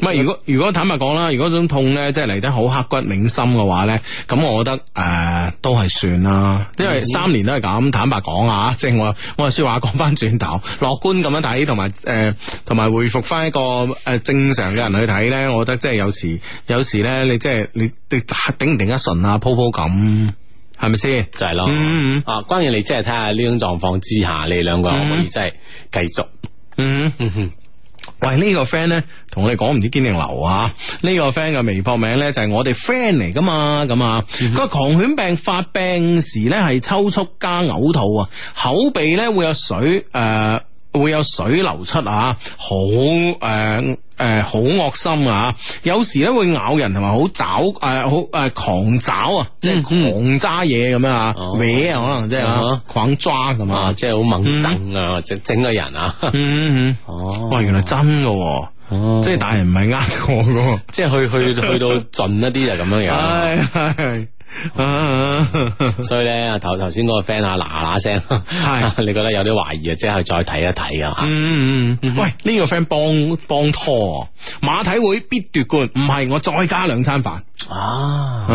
唔係，如果如果坦白講啦，如果種痛咧，即係嚟得好刻骨銘心嘅話咧，咁我覺得誒、呃、都係算啦，因為三年都係咁。坦白講啊，即係我我說話講翻轉頭，樂觀咁樣睇，同埋誒同埋回復翻一個誒正常嘅人去睇咧，我覺得即係有時有時咧，你即、就、係、是、你你頂唔頂得順啊，鋪鋪咁係咪先？是是就係咯，嗯、啊，關鍵你即係睇下呢種狀況之下，你兩個可唔可以即係繼續。嗯嗯嗯嗯嗯喂，這個、呢個 friend 咧同我哋講唔知堅定流啊！呢、這個 friend 嘅微博名咧就係我哋 friend 嚟噶嘛，咁佢話狂犬病發病時咧係抽搐加嘔吐啊，口鼻咧會有水誒。呃會有水流出啊，好誒誒，好噁心啊！有時咧會咬人同埋好抓誒，好、呃、誒、呃呃呃呃、狂抓啊，即係狂揸嘢咁樣啊，歪啊可能即係、啊、狂抓咁啊，即係好猛掙啊，整、嗯、整個人啊，哦、嗯嗯嗯，哇，原來真噶，哦、即係大人唔係呃我噶，哦、即係去去去到盡一啲就咁樣樣。 哎哎所以咧，頭頭先嗰個 friend 啊，嗱嗱聲，係你覺得有啲懷疑啊，即係再睇一睇啊。吓。嗯嗯，嗯 喂，呢、這個 friend 幫幫拖馬體會必奪冠，唔係我再加兩餐飯。啊！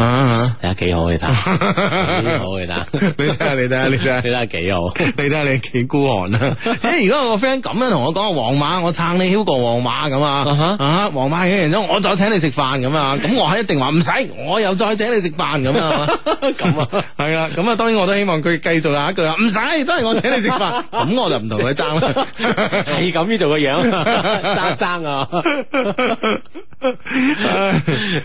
你睇幾好，你睇幾好，你睇下 你睇下你睇下你睇幾 好， 你睇下你幾孤寒啊！誒，hey, 如果我 friend 咁樣同我講皇馬，我撐你囂過皇馬咁啊，吓皇馬起完咗，我再請你食飯咁啊，咁我係一定話唔使，我又再請你食飯咁啊，咁啊係啊，咁啊，當然我都希望佢繼續下一句話唔使，都係我請你食飯，咁我就唔同佢爭啦，係咁呢做個樣爭爭啊，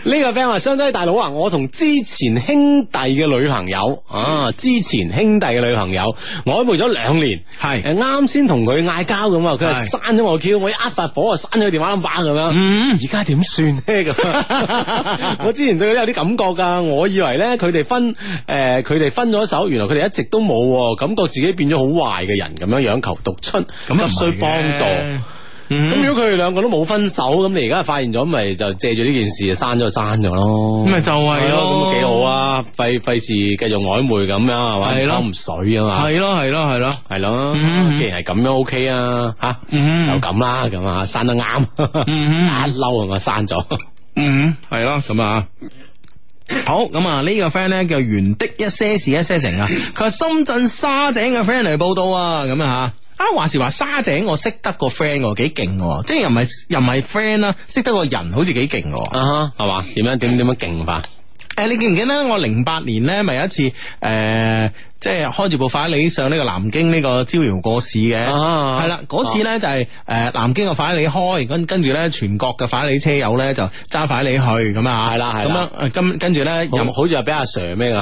呢個 friend 話。張大佬啊，我同之前兄弟嘅女朋友啊，之前兄弟嘅女朋友，曖昧咗兩年，係是，啱先同佢嗌交咁啊，佢係刪咗我 Q，我一發火啊，刪咗個電話 number 咁樣，而家點算呢？咁 我之前對佢有啲感覺噶，我以為咧佢哋分，誒、呃，佢哋分咗手，原來佢哋一直都冇，感覺自己變咗好壞嘅人咁樣獨樣，求獨出，急需幫助。啊咁、mm hmm. 如果佢哋兩個都冇分手，咁你而家發現咗，咪就借住呢件事刪，就刪咗就刪咗咯，咁咪就係咯，咁幾好啊，費費事繼續曖昧咁樣係、啊、嘛，攞唔水啊嘛，係咯係咯係咯係咯，的 mm hmm. 既然係咁樣，O、OK、K 啊吓、mm hmm. 啊，就咁啦，咁啊刪得啱，mm hmm. 一嬲啊我刪咗，嗯係咯咁啊，好咁啊呢個 friend 咧叫圓的一些事一些情啊，佢係深圳沙井嘅 friend 嚟報道啊，咁吓。啊，話時話沙井我，我識得個 friend，我幾勁，即係又唔係又唔係 friend 啦，識得個人好似幾勁喎。啊哈，係嘛？點樣點點樣勁法？誒、啊，你記唔記得我零八年咧，咪有一次誒？呃即係開住部法拉利上呢個南京呢個招搖過市嘅，啊，係啦嗰次咧就係、是、誒、呃、南京嘅法拉利開，跟跟住咧全國嘅法拉利車友咧就揸法拉利去咁，啊係啦係咁樣，跟跟住咧好又好似係俾好阿 Sir 咩噶？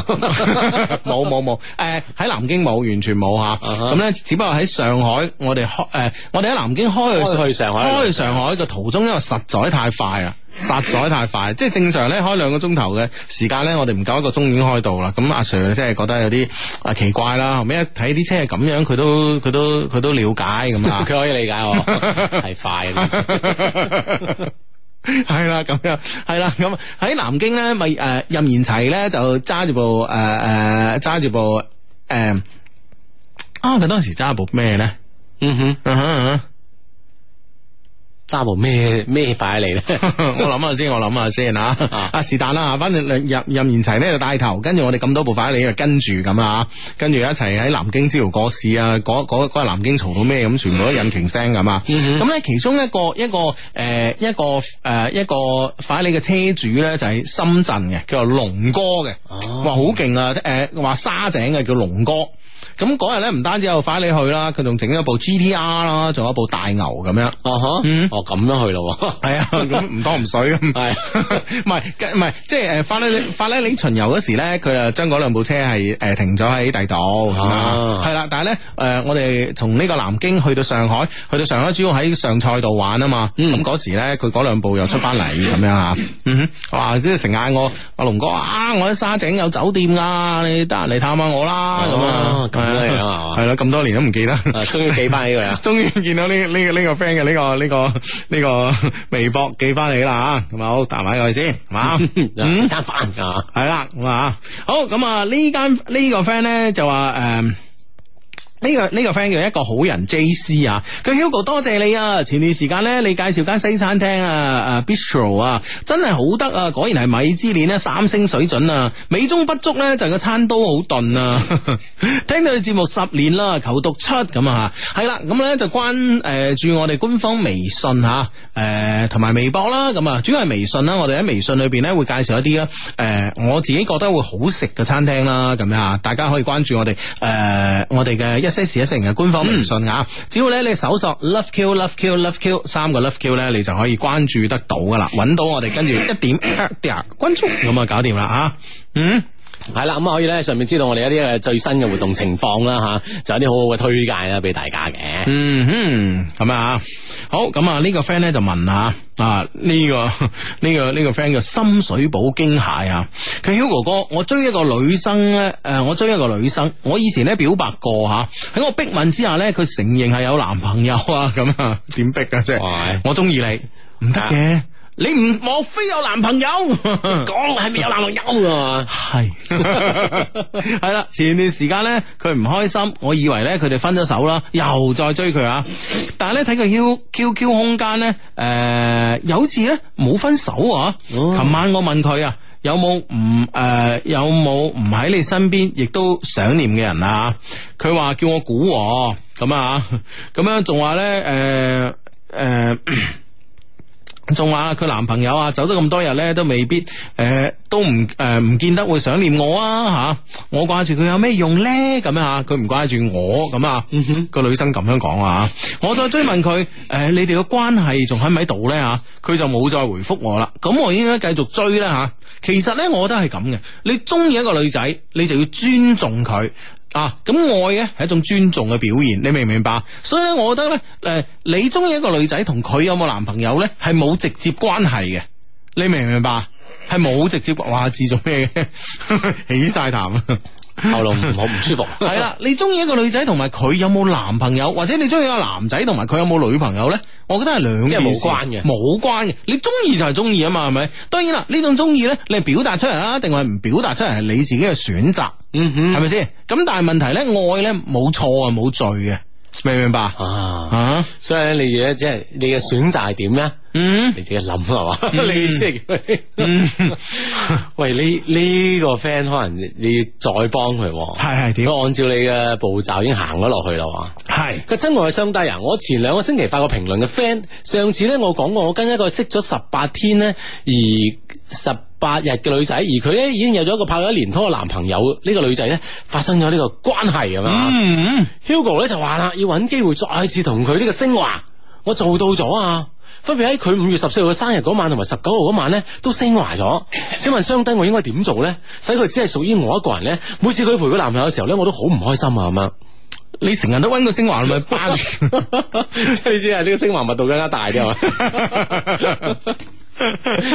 冇冇冇誒喺南京冇完全冇吓，咁咧，啊、嗯、只不過喺上海我哋開誒我哋喺南京開去去上海開去上海嘅途中，因為實在太快啊，實在太快，太快 即係正常咧開兩個鐘頭嘅時間咧，我哋唔夠一個鐘已經開到啦。咁阿 Sir 即係覺得有啲。呃奇怪啦，後尾一睇啲車係咁樣，佢都佢都佢都了解咁樣，佢 可以理解，係 快嘅，係啦咁樣，係啦咁喺南京咧，咪誒任賢齊咧就揸住部誒誒揸住部誒，啊，佢當時揸部咩咧？嗯哼，啊、嗯、哈。嗯嗯嗯揸部咩咩快利咧？我諗下先，我諗下先吓。啊是但啦，反正任任賢齊咧就帶頭，跟住我哋咁多部快利嚟，就跟住咁啊。跟住一齊喺南京招搖過市啊！嗰嗰、那個、南京嘈到咩咁，全部都引擎聲噶啊。咁咧、嗯、哼其中一個一個誒、呃、一個誒、呃一，呃、一個快利嘅車主咧就係深圳嘅，叫做龍哥嘅，話好勁誒，話、呃、沙井嘅叫龍哥。咁嗰日咧，唔單止有法拉利去啦，佢仲整咗部 G T R 啦，仲有一部大牛咁樣。Uh huh? 嗯、哦哈，哦咁樣去咯，係 啊，咁唔多唔水啊。係， 唔係，唔係，即係誒，法拉里法拉利巡遊嗰時咧，佢啊將嗰兩部車係誒、呃、停咗喺第度。係啦、ah. 啊，但係咧誒，我哋從呢個南京去到上海，去到上海主要喺上賽道玩啊嘛。咁嗰、嗯、時咧，佢嗰兩部又出翻嚟咁樣、嗯、啊。哇、呃，即係成日我，我龍哥啊，我喺沙井有酒店啦，你得嚟探下我啦咁 啊。係咯，係咯，係咯、啊，咁、啊、多年都唔記得、啊，終於記翻起佢啦，終於見到呢呢呢個 friend 嘅呢個呢、這個呢、這個微博記翻起啦，吓，咁好，打埋過去先，係嘛，午餐飯，啊，係啦，咁啊，好咁啊，這個這個、呢間呢個 friend 咧就話誒。嗯呢個呢個 friend 叫一個好人 J C 啊，佢 Hugo 多謝你啊！前段時間咧，你介紹間西餐廳啊，啊 Bistro 啊，真係好得啊！果然係米芝蓮咧，三星水準啊，美中不足咧就係、是、個餐刀好鈍啊呵呵！聽到你節目十年啦，求讀出咁啊，係啦、啊，咁咧、啊、就關誒注我哋官方微信吓、啊，誒同埋微博啦、啊，咁啊主要係微信啦、啊，我哋喺微信裏邊咧會介紹一啲咧、啊，誒、呃、我自己覺得會好食嘅餐廳啦、啊，咁樣啊，大家可以關注我哋誒、呃、我哋嘅一。一些事一些情嘅官方微信啊！嗯、只要咧你搜索 Love Q Love Q Love Q 三個 Love Q 咧，你就可以關注得到噶啦。揾到我哋，跟住一點關注，咁啊搞掂啦吓嗯。係啦，咁可以咧，上面知道我哋一啲嘅最新嘅活動情況啦，吓就有啲好好嘅推介啦，俾大家嘅、嗯。嗯嗯，咁啊，好，咁啊呢個 friend 咧就問下啊，呢、這個呢、這個呢個 friend 叫深水埗驚蟹啊，佢 Hugo 哥，我追一個女生咧，誒、呃，我追一個女生，我以前咧表白過吓，喺我逼問之下咧，佢承認係有男朋友啊，咁點逼啊，即係喂我中意你，唔得嘅。你唔，莫非有男朋友？講，係咪有男朋友啊？係係啦，前段時間咧，佢唔開心，我以為咧佢哋分咗手啦，又再追佢。啊。但係咧睇佢 Q Q Q 空間咧，誒、呃，有次咧冇分手。啊。琴、哦、晚我問佢、啊、有冇唔誒有冇唔喺你身邊，亦都想念嘅人啊？佢話叫我估咁啊，咁樣仲話咧誒誒。仲話佢男朋友啊，走咗咁多日呢，都未必誒、呃，都唔誒，唔、呃、見得會想念我啊吓、啊，我掛住佢有咩用呢？咁樣，佢唔掛住我咁啊，個、啊呃、女生咁樣講啊，我再追問佢誒、呃，「你哋嘅關係仲喺唔喺度呢？」吓，佢就冇再回覆我啦。咁我應該繼續追咧吓、啊？其實呢，我覺得係咁嘅，你中意一個女仔，你就要尊重佢。啊，咁愛咧係一種尊重嘅表現，你明唔明白？所以咧，我覺得咧，誒、呃，你中意一個女仔同佢有冇男朋友咧，係冇直接關係嘅，你明唔明白？係冇直接話自做咩嘅？ 起晒曬痰了。 喉嚨好唔舒服。係啦，你中意一個女仔同埋佢有冇男朋友，或者你中意個男仔同埋佢有冇女朋友咧？我覺得係兩件事，冇關嘅。你中意就係中意啊嘛，係咪？當然啦，呢種中意咧，你係表達出嚟啊，定係唔表達出嚟，係你自己嘅選擇。嗯哼，係咪先？咁但係問題咧，愛咧冇錯啊，冇罪嘅，明唔明白啊？吓，所以咧，你嘢即係你嘅選擇係點咧？Mm hmm. 你自己諗係嘛？你識喂？呢、這、呢個 friend 可能你再幫佢，係係點？我按照你嘅步驟已經行咗落去啦，係是。親愛嘅上帝啊！我前兩個星期發個評論嘅 friend，上次咧我講過，我跟一個識咗十八天咧，而十八日嘅女仔，而佢咧已經有咗一個拍咗一年拖嘅男朋友，呢、這個女仔咧發生咗呢個關係啊嘛。Mm hmm. Hugo 咧就話啦，要揾機會再次同佢呢個升華，我做到咗、啊。分別喺佢五月十四號嘅生日嗰晚同埋十九號嗰晚咧，都升華咗。請問雙低我應該點做咧，使佢只係屬於我一個人咧？每次佢陪佢男朋友嘅時候咧，我都好唔開心啊咁樣。 你成日都搵個升華咪霸你知係，呢個升華密度更加大啫嘛。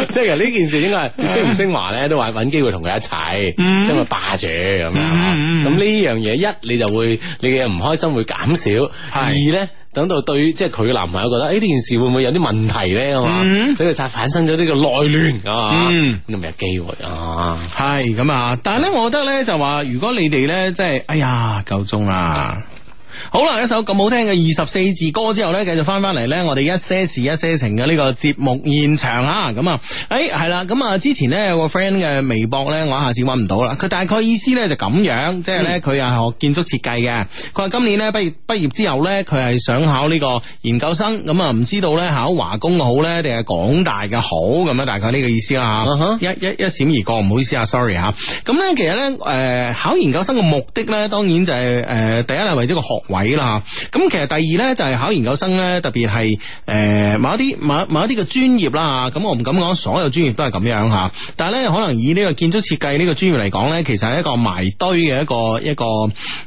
即係呢件事應該係你升唔升華咧，都話搵機會同佢一齊，將佢、mm hmm. 霸住咁樣。咁呢樣嘢一你就會你嘅唔開心會減少，二咧。響度，對，即係佢嘅男朋友覺得，誒、欸，呢件事會唔會有啲問題咧？係嘛、嗯，所以佢就產生咗呢個內亂、啊，啊嘛，嗯，咁咪有機會啊？係咁，啊。但係咧，我覺得咧就話，如果你哋咧，即係，哎呀，夠鐘啦。好啦，一首咁好聽嘅二十四字歌之後呢，繼續翻翻嚟呢。我哋一些事一些情嘅呢個節目現場、啊嗯哎、啦。咁啊，誒係啦，咁啊，之前呢，有個 friend 嘅微博呢，我一下子揾唔到啦。佢大概意思呢，就咁樣，即係呢，佢又係學建築設計嘅。佢話今年咧畢業畢業之後呢，佢係想考呢個研究生。咁、嗯、唔知道呢，考華工好呢，定係港大嘅好咁啊？大概呢個意思啦。啊、一一一閃而過，唔好意思啊，sorry 吓、啊。咁、嗯、咧其實呢，誒、呃、考研究生嘅目的呢，當然就係、是、誒、呃、第一係為咗個學位啦，咁其實第二咧就係考研究生咧，特別係誒某一啲某某一啲嘅專業啦吓，咁我唔敢講所有專業都係咁樣吓，但係咧可能以呢個建築設計呢個專業嚟講咧，其實係一個埋堆嘅一個一個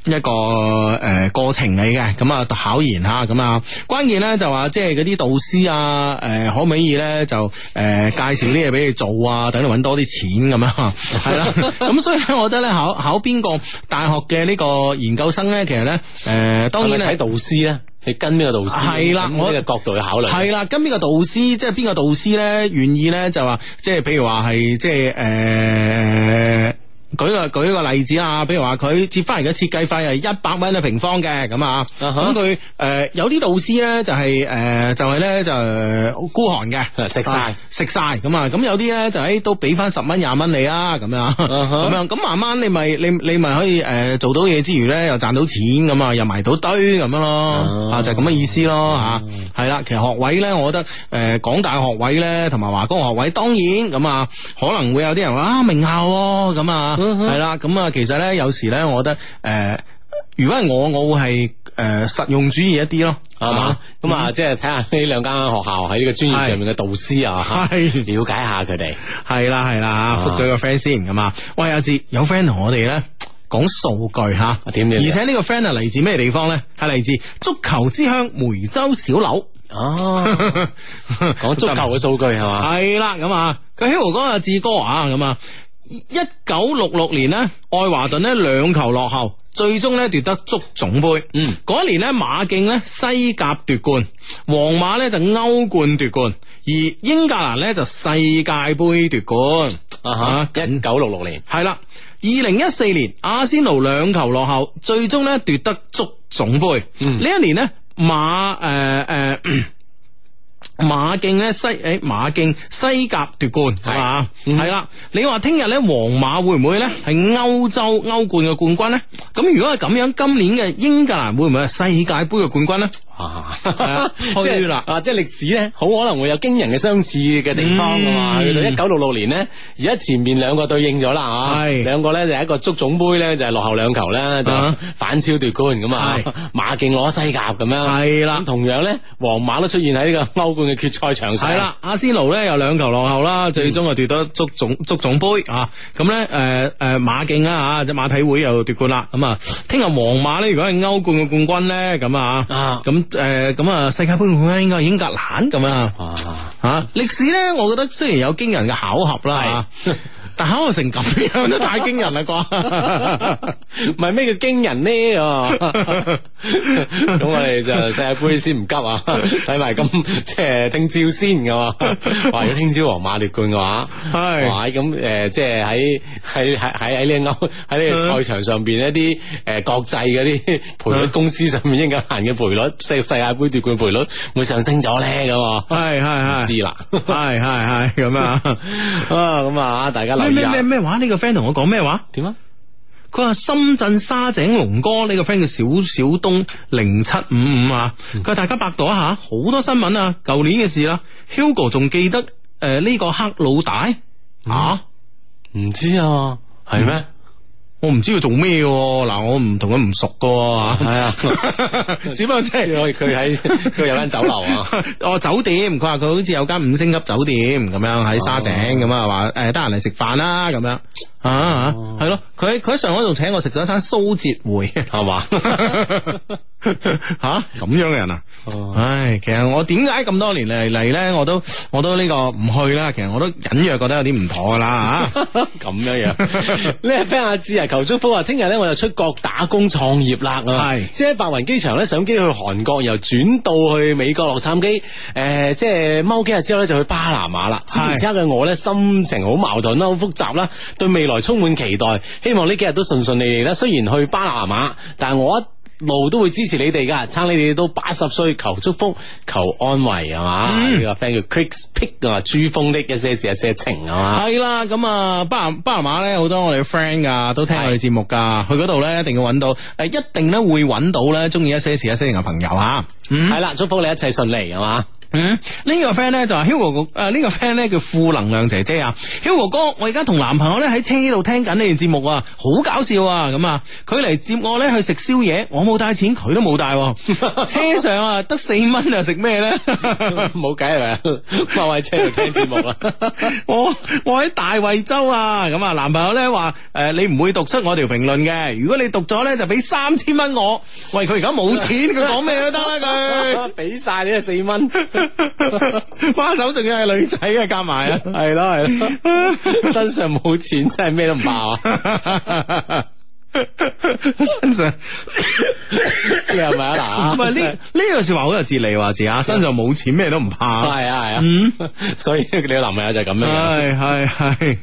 一個誒、呃、過程嚟嘅，咁啊考研吓，咁啊關鍵咧就話即係嗰啲導師誒、啊呃、可唔可以咧就誒介紹啲嘢俾你做啊，等你搵多啲錢咁樣吓，係啦，咁 所以咧我覺得咧考考邊個大學嘅呢個研究生咧，其實咧誒。呃誒、呃，當然喺導師咧，你跟呢個導師？係啦、啊，我呢個角度去考慮。係啦，跟呢個導師？即係邊個導師咧？願意咧？就話，即係譬如話係，即係誒。呃舉個舉個例子啊，比如話佢接翻嚟嘅設計費係一百蚊一平方嘅，咁啊，咁佢誒有啲導師咧就係、是、誒、呃、就係、是、咧就是呢呃、孤寒嘅，食晒食晒咁啊，咁有啲咧就喺都俾翻十蚊廿蚊你啊，咁樣咁樣，咁、uh huh. 慢慢你咪你你咪可以誒做到嘢之餘咧又賺到錢咁啊，又埋到堆咁樣咯，啊、uh huh. 就係咁嘅意思咯吓，係啦、uh，huh. 其實學位咧，我覺得誒、呃、港大學位咧同埋華工學位當然咁啊，可能會有啲人話啊名校咁啊。啊啊係啦，咁啊，其實咧，有時咧，我覺得誒，如果係我，我會係誒實用主義一啲咯，係嘛，咁啊，即係睇下呢兩間學校喺呢個專業上面嘅導師啊，係了解下佢哋，係啦係啦，覆咗個 friend 先，咁啊，喂阿志，有 friend 同我哋咧講數據吓，點樣，而且呢個 friend 係嚟自咩地方咧？係嚟自足球之鄉梅州小樓哦，講足球嘅數據係嘛？係啦，咁啊，佢喺豪哥阿志哥啊咁啊。一九六六年呢，愛華頓呢兩球落後，最終呢奪得足總杯。嗯，嗰一年呢，馬競呢西甲奪冠，皇馬呢就歐冠奪冠，而英格蘭呢就世界杯奪冠。Uh-huh, 啊哈！一九六六年係啦，二零一四年阿仙奴兩球落後，最終呢奪得足總杯。呢、嗯、一年呢，馬誒誒。呃呃呃馬競咧西誒馬競西甲奪冠係嘛係啦，你話聽日咧皇馬會唔會咧係歐洲歐冠嘅冠軍咧？咁如果係咁樣，今年嘅英格蘭會唔會係世界杯嘅冠軍咧？ 即係是啦， 即係歷史咧，好可能會有驚人嘅相似嘅地方噶嘛。一九六六年呢，而家前面兩個對應咗啦，係兩是個咧就係、是、一個足總杯咧就是、落後兩球啦，就是、反超奪冠咁啊，是馬競攞西甲咁樣。係啦的，咁同樣咧，皇馬都出現喺呢個歐冠嘅決賽場上。係啦，阿仙奴咧有兩球落後啦，最終就奪得足總足總杯、嗯、啊。咁咧，誒、呃、誒、呃，馬競啊，吓隻馬體會又奪冠啦。咁啊，聽日皇馬咧，如果係歐冠嘅冠軍咧，咁啊咁。啊啊啊啊誒，咁、呃、啊，世界杯冠軍應該英格蘭咁啊，吓，歷史咧，我覺得雖然有驚人嘅巧合啦，吓是。 考成咁樣都太驚人啦啩，唔係咩叫驚人呢？咁我哋就世界杯先唔急啊，睇埋咁即係聽朝先噶。話如果聽朝皇馬奪冠嘅話，係，咁誒，即係喺喺喺喺喺呢個歐喺呢個賽場上邊一啲誒國際嗰啲賠率公司上面英格蘭嘅賠率世界杯奪冠賠率會上升咗咧？咁係係係，知啦，係係係，咁啊，咁啊，大家諗。咩咩咩話？呢個 friend 同我講咩話？點啊樣？佢話深圳沙井龍哥呢個 friend 叫小小東零七五五，啊，佢話、嗯、大家百度一下，好多新聞啊，舊年嘅事啦。Hugo 仲記得誒呢、呃這個黑老大啊？唔知啊，係咩嗎？嗯我唔知佢做咩嘅嗱，我唔同佢唔熟嘅。係啊，只不過即係佢喺佢有間酒樓啊，哦酒店，佢話佢好似有間五星級酒店咁樣喺沙井咁啊，話誒得閒嚟食飯啦咁樣啊，係咯，佢佢喺上海度請我食咗餐蘇浙匯係嘛，吓咁樣嘅人啊，唉，其實我點解咁多年嚟嚟咧，我都我都呢個唔去啦，其實我都隱約覺得有啲唔妥啦吓，咁樣樣，呢阿 Ben 阿芝啊。求祝福啊！聽日咧，我就出國打工創業啦，係是即係白雲機場咧，上機去韓國，又轉到去美國洛杉磯，誒、呃，即係踎幾日之後咧，就去巴拿馬啦。此時此刻嘅我咧，心情好矛盾啦，好複雜啦，對未來充滿期待，希望呢幾日都順順利利啦。雖然去巴拿馬，但係我一路都會支持你哋噶，撐你哋都八十歲，求祝福，求安慰，係嘛？呢、嗯、個 friend 叫 Crispick 啊，朱峰的一些事一些情，係嘛？係啦，咁啊巴巴拿馬咧，好多我哋 friend 噶，都聽我哋節目噶，是去嗰度咧，一定要揾到，誒一定咧會揾到咧，中意一些事一些情嘅朋友嚇，係、啊、啦、嗯，祝福你一切順利，係嘛？ 嗯，呢個 friend 咧就話 Hugo 哥，誒呢個 friend 咧叫負能量姐姐啊。Hugo 哥，我而家同男朋友咧喺車度聽緊呢段節目啊，好搞笑啊。咁啊！佢嚟接我咧去食宵夜，我冇帶錢，佢都冇帶、啊，車上啊得四蚊啊，食咩咧？冇計係咪啊！我喺車度聽節目啊， 我我喺大惠州啊，咁啊男朋友咧話誒你唔會讀出我條評論嘅，如果你讀咗咧就俾三千蚊我。喂，佢而家冇錢，佢講咩都得啦佢，俾晒你啊，四蚊。 花 手仲要係女仔啊，夾埋啊，係咯係咯，身上冇錢真係咩都唔怕， 身上係咪 啊嗱？唔係，呢呢個說話好有哲理，話字啊，的身上冇錢咩都唔怕，係啊係啊，嗯、 所以你個男朋友就係咁樣， 係係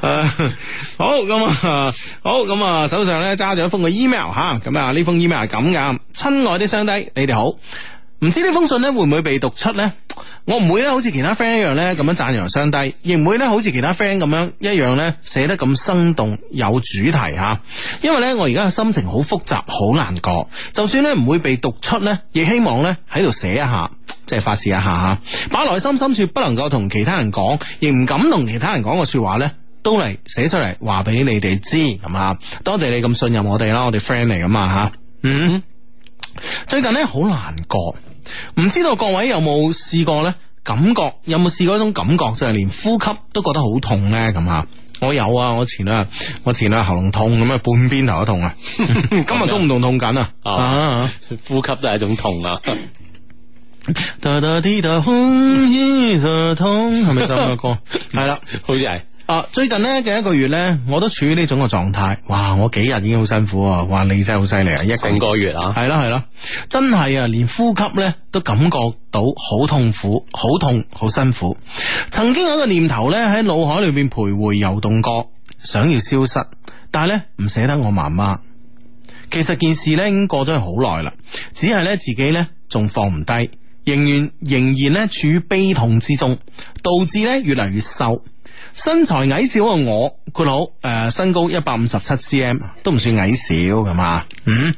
係，好咁啊，好咁啊，手上咧揸住一封嘅 email 吓、啊，咁呢封 email 係咁噶，親愛的兄弟，你哋好。唔知呢封信咧會唔會被讀出呢？我唔會咧，好似其他 friend 一樣咧咁樣讚揚上帝，亦唔會咧好似其他 friend 咁樣一樣咧寫得咁生動有主題吓。因為咧我而家嘅心情好複雜，好難過，就算咧唔會被讀出呢，亦希望咧喺度寫一下，即係發洩一下吓。把內心深處不能夠同其他人講，亦唔敢同其他人講嘅說話呢，都嚟寫出嚟話俾你哋知咁啊！多謝你咁信任我哋啦，我哋 friend 嚟㗎嘛吓。嗯，最近呢，好難過。唔知道各位有冇試過咧？感覺有冇試過一種感覺，就係連呼吸都覺得好痛咧？咁啊，我有啊，我前啊，我前啊喉嚨痛咁啊，半邊頭都痛啊， 今日中午同痛緊啊， 哦，呼吸都係一種痛啊。噠噠滴答，呼吸着痛，啊，係咪就係個歌？係啦 了，好似係。啊！最近呢，嘅一個月呢，我都處於呢種嘅狀態。哇！我幾日已經好辛苦啊！哇，你真係好犀利啊！一整個月啊，係啦係啦，真係啊，連呼吸呢都感覺到好痛苦、好痛、好辛苦。曾經有一個念頭呢，喺腦海裏面徘徊游動過，想要消失，但係呢，唔捨得我媽媽。其實件事呢已經過咗好耐啦，只係呢，自己呢仲放唔低，仍然仍然呢處於悲痛之中，導致呢越嚟越瘦。身材矮小嘅我，佢好誒，身高一百五十七 cm，都唔算矮小咁嘛。嗯。誒、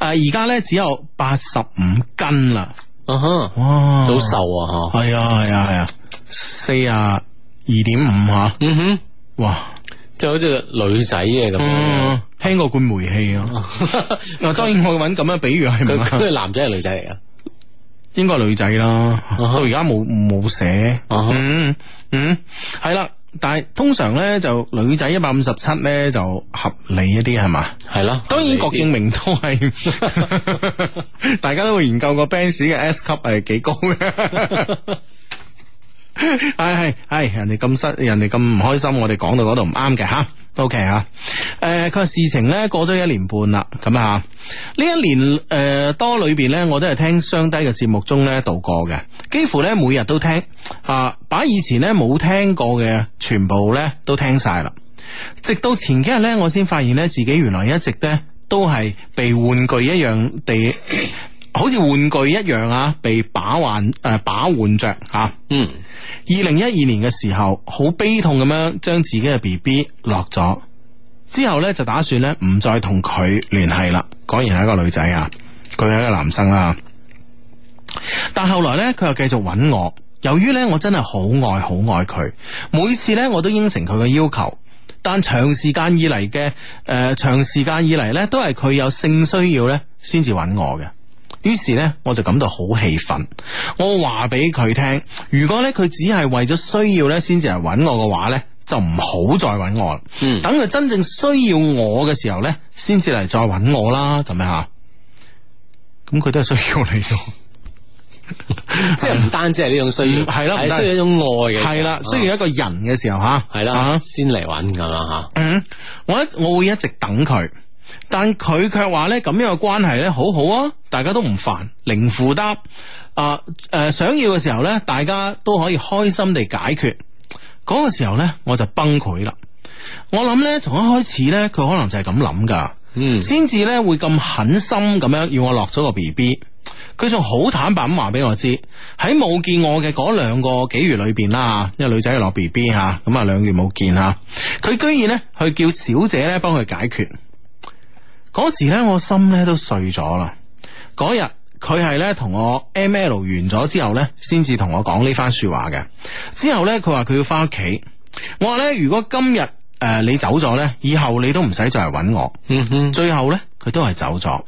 呃，而家咧只有八十五斤啦。哼、uh，huh, 哇，好瘦啊吓。係啊係啊係啊，四啊二點五吓。嗯哼、啊，哇，即係好似女仔嘅咁。嗯，輕過罐煤氣啊。嗱， 當然我揾咁樣比喻係。咪佢係男仔定女仔嚟啊？ 應該係女仔啦。Uh huh. 到而家冇冇寫。嗯、uh。Uh 嗯，係啦，但係通常咧就女仔一百五十七咧就合理一啲係嘛，係啦，的當然郭敬明都係， 大家都會研究個 Benz 嘅 S 級係幾高嘅， 係係係，人哋咁失，人哋咁唔開心，我哋講到嗰度唔啱嘅吓。O K 吓，誒、okay，呃，佢話事情咧過咗一年半啦，咁啊呢一年誒、呃、多裏邊咧，我都係聽雙低嘅節目中咧度過嘅，幾乎咧每日都聽，啊把以前咧冇聽過嘅全部咧都聽晒啦，直到前幾日咧，我先發現咧自己原來一直咧都係被玩具一樣地。 好似玩具一樣啊，被把玩誒、呃，把玩着啊。嗯，二零一二年嘅時候，好悲痛咁樣將自己嘅 BB 落咗之後呢，就打算呢唔再同佢聯繫啦。果然係一個女仔啊，佢係一個男生啦、啊。但後來呢，佢又繼續揾我。由於呢，我真係好愛好愛佢，每次呢，我都應承佢嘅要求。但長時間以嚟嘅誒，長時間以嚟呢，都係佢有性需要呢先至揾我嘅。於是咧，我就感到好氣憤。我話俾佢聽，如果咧佢只係為咗需要咧，先至嚟搵我嘅話咧，就唔好再搵我啦。嗯，等佢真正需要我嘅時候咧，先至嚟再搵我啦。咁樣吓，咁佢都係需要你咯， 即係唔單止係呢種需要，係咯， 係需要一種愛嘅，係啦了，需要一個人嘅時候吓，係啦了，啊、先嚟搵㗎嘛吓。嗯、啊，我一我會一直等佢。但佢卻話呢，咁樣嘅關係呢，好好啊，大家都唔煩，零負擔啊。誒、呃呃，想要嘅時候呢，大家都可以開心地解決。嗰個時候呢，我就崩潰啦。我諗呢，從一開始呢，佢可能就係咁諗噶，嗯，先至呢，會咁狠心咁樣要我落咗個 B B。佢仲好坦白咁話俾我知，喺冇見我嘅嗰兩個幾月裏邊啦，因為女仔落 B B 吓，咁兩月冇見吓，佢居然呢，去叫小姐呢幫佢解決。嗰時咧，我心咧都碎咗啦。嗰日佢係咧同我 M L 完咗之後咧，先至同我講呢番說話嘅。之後咧，佢話佢要翻屋企。我話咧，如果今日誒、呃、你走咗咧，以後你都唔使再嚟搵我。嗯哼。最後咧，佢都係走咗。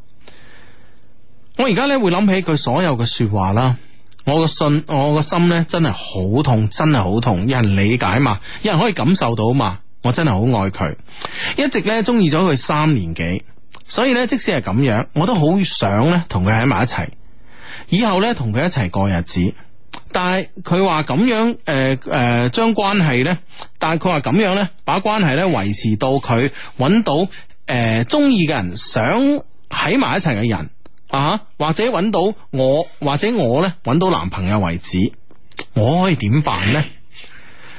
我而家咧會諗起佢所有嘅說話啦。我個信，我個心咧真係好痛，真係好痛。有人理解嘛？有人可以感受到嘛？我真係好愛佢，一直咧中意咗佢三年幾。所以咧，即使係咁樣，我都好想咧同佢喺埋一齊，以後咧同佢一齊過日子。但係佢話咁樣，誒、呃、誒、呃，將關係咧，但係佢話咁樣咧，把關係咧維持到佢揾到誒中意嘅人，想喺埋一齊嘅人啊，或者揾到我，或者我咧揾到男朋友為止，我可以點辦咧？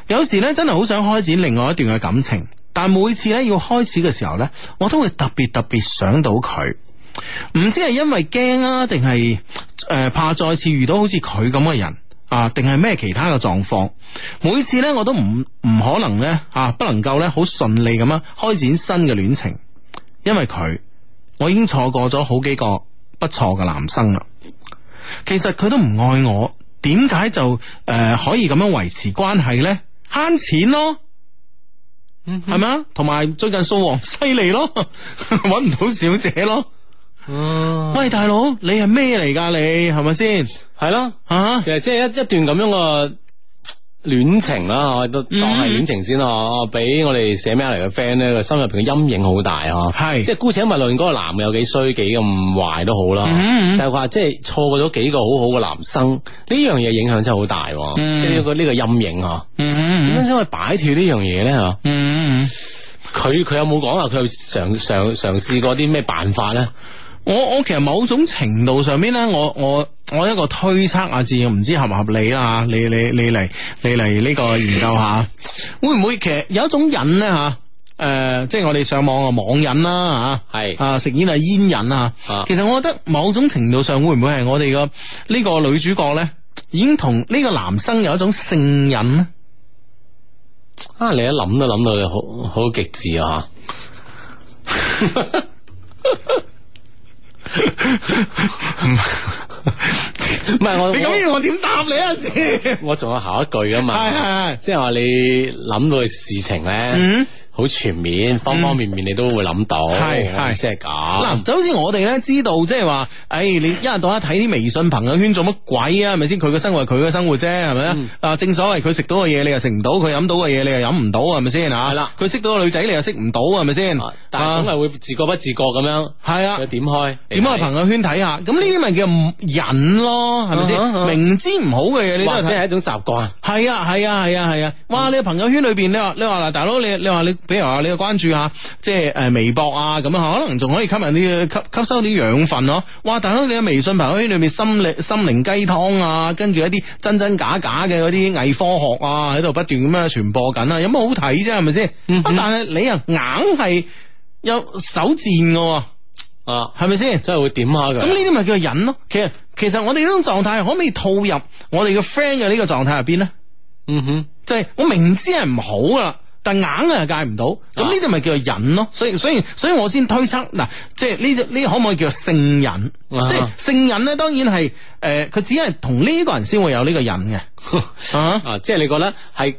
有時咧，真係好想開展另外一段嘅感情。但每次咧要開始嘅時候呢，我都會特別特別想到佢，唔知係因為驚啊，定係誒怕再次遇到好似佢咁嘅人啊，定係咩其他嘅狀況？每次呢，我都唔唔可能咧啊，不能夠咧好順利咁樣開展新嘅戀情，因為佢，我已經錯過咗好幾個不錯嘅男生啦。其實佢都唔愛我，點解就誒可以咁樣維持關係呢？慳錢咯。嗯，係咪啊？同埋最近掃黃犀利咯，搵唔到小姐咯。嗯，喂，大佬，你係咩嚟噶？你係咪先？係咯，吓了，其實、啊、即係一一段咁樣嘅。戀情啦，都戀情嗯、我都當係戀情先咯。俾我哋寫 mail 嚟嘅 friend 咧，個心入邊嘅陰影好大啊。係，即係姑且勿論嗰個男嘅有幾衰幾咁壞都好啦，嗯嗯但係話即係錯過咗幾個好好嘅男生，呢樣嘢影響真係好大。嗯嗯嗯呢個呢個陰影啊，點樣先可以擺脫呢樣嘢咧？吓，佢佢有冇講話佢嘗嘗嘗試過啲咩辦法咧？我我其實某種程度上面咧，我我我一個推測啊，字唔知合唔合理啦吓，你你你嚟你嚟呢個研究下，會唔會其實有一種癮咧吓？誒、呃，即係我哋上網網癮啦吓，係是啊食煙係煙癮啊，其實我覺得某種程度上會唔會係我哋個呢個女主角咧，已經同呢個男生有一種性癮咧？啊，你一諗都諗到你，好好極致啊！ 唔係， 我你咁樣，我點答你啊？知 ，我仲有下一句噶嘛？係係即係話你諗到嘅事情咧。嗯好全面，方方面面你都會諗到，係係先係咁。嗱，就好似我哋咧知道，即係話，誒，你一日到黑睇啲微信朋友圈做乜鬼啊？係咪先？佢嘅生活佢嘅生活啫，係咪啊？啊，正所謂佢食到嘅嘢你又食唔到，佢飲到嘅嘢你又飲唔到，係咪先啊？係啦，佢識到個女仔你又識唔到，係咪先？但係咁係會自覺不自覺咁樣，係啊，點開點開朋友圈睇下，咁呢啲咪叫癮咯？係咪先？明知唔好嘅嘢，你都係一種習慣。係啊係啊係啊係啊！哇，你朋友圈裏邊，你話你話嗱，大佬你你話你。.比如話你嘅關注下，即係誒微博，啊咁啊，可能仲可以吸引啲吸吸收啲養分咯，啊。哇！但係你嘅微信朋友圈裏面，心靈心靈雞湯啊，跟住一啲真真假假嘅嗰啲偽科學啊，喺度不斷咁樣傳播緊啊，有乜好睇啫？係咪先？但係你啊，硬係、嗯、哼有手賤嘅，啊，係咪先？真係會點下嘅。咁呢啲咪叫忍咯？其實其實我哋呢種狀態可唔可以套入我哋嘅 friend 嘅呢個狀態入邊咧？嗯哼，即係我明知係唔好噶。但硬啊戒唔到，咁呢啲咪叫做癮咯，所以所以所以我先推測嗱，即係呢啲呢可唔可以叫做性癮？即係性癮咧，當然係誒，佢只係同呢個人先會有呢個癮嘅啊，即係你覺得係，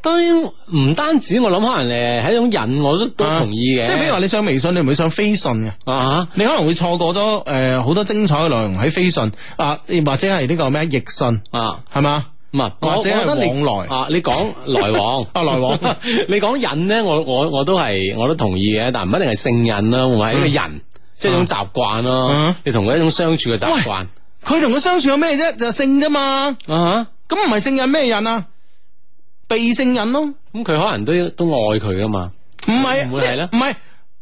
當然唔單止我諗可能誒係一種癮，我都都同意嘅。即係比如話你上微信，你唔會上飛信嘅啊，你可能會錯過咗誒好多精彩嘅內容喺飛信啊，或者係呢個咩易信啊，係嘛？唔或者往來啊？你講來往、 啊，來往。 你講癮咧，我我我都係我都同意嘅，但唔一定係性癮咯，一者癮，即係、嗯就是、一種習慣咯。啊、你同佢一種相處嘅習慣，佢同佢相處有咩啫？就是、性啫嘛。咁唔係性癮咩癮啊？被性癮咯。咁佢可能都都愛佢噶嘛？唔係唔會係咧？唔係。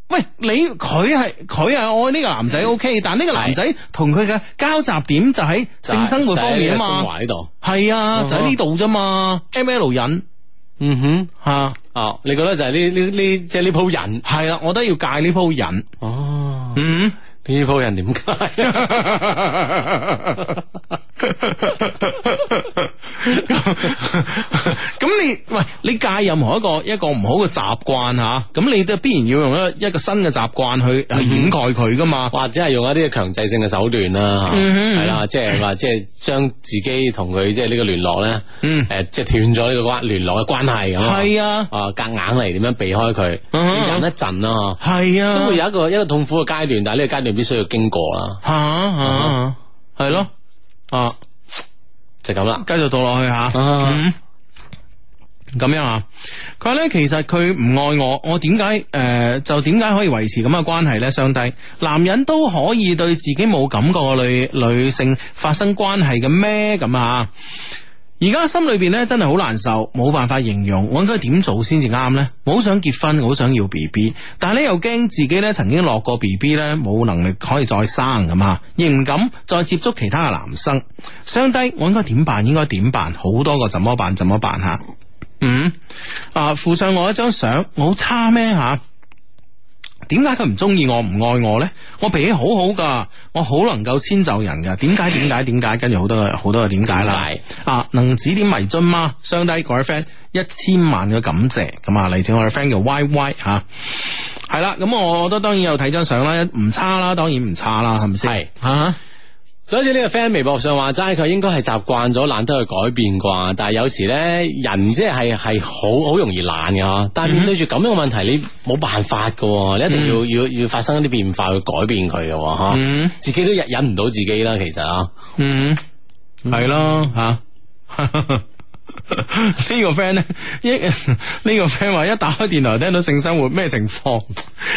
喂，你佢係佢係愛呢個男仔 OK，但呢個男仔同佢嘅交集點就喺性生活方面啊嘛，懷度，係啊，嗯、哼就喺呢度啫嘛，ML 人，嗯哼吓啊、哦，你覺得就係呢呢呢即係呢鋪人，係啦、啊，我都要戒呢鋪人哦，嗯。呢鋪人點解？咁 你喂，你戒任何一個一個唔好嘅習慣吓，咁、啊、你都必然要用一一個新嘅習慣去去掩蓋佢噶嘛，或者係用一啲強制性嘅手段啦，係啦、嗯哼，即係話即係將自己同佢即係呢個聯絡咧，誒、嗯，即係、呃、斷咗呢個關聯絡嘅關係咁，係啊，啊，夾硬嚟點樣避開佢，忍一陣咯，係啊，總會有一個一個痛苦嘅階段，但係呢個階段。必須要經過啦，吓吓，係咯，啊，啊啊就咁啦，繼續倒落去吓，咁樣啊？佢話，咧其實佢唔愛我，我點解誒就點解可以維持咁嘅關係呢？上帝，男人都可以對自己冇感覺嘅女女性發生關係嘅咩？咁啊？而家心裏邊咧真係好難受，冇辦法形容，我應該點做先至啱呢？我好想結婚，我好想要 BB，但係咧又驚自己咧曾經落過 BB 咧冇能力可以再生咁啊，亦唔敢再接觸其他嘅男生。相低我應該點辦？應該點辦？好多個怎麼辦？怎麼辦吓？嗯，啊附上我一張相，我好差咩吓？點解佢唔中意我唔愛我咧？我脾氣好好噶，我好能夠遷就人噶。點解？點解？點解？跟住好多嘅好多嘅點解啦？嗯、啊，能指點迷津嗎？相低各位 friend，一千萬嘅感謝，咁啊嚟自我嘅 friend 叫 Y Y 吓、啊，係、啊、啦。咁、啊嗯、我我都當然有睇張相啦，唔差啦，當然唔差啦，係咪先？係啊。就好似呢個 friend 微博上話齋，佢應該係習慣咗，懶得去改變啩。但係有時咧，人即係係係好好容易懶嘅，但係、嗯、面對住咁樣嘅問題，你冇辦法嘅，你一定要、嗯、要要發生一啲變化去改變佢嘅吓。嗯、自己都忍忍唔到自己啦，其實嗯係咯吓。啊、 個呢、呢個 friend 咧，一、呢、呢個 friend 話一打開電台聽到性生活咩情況，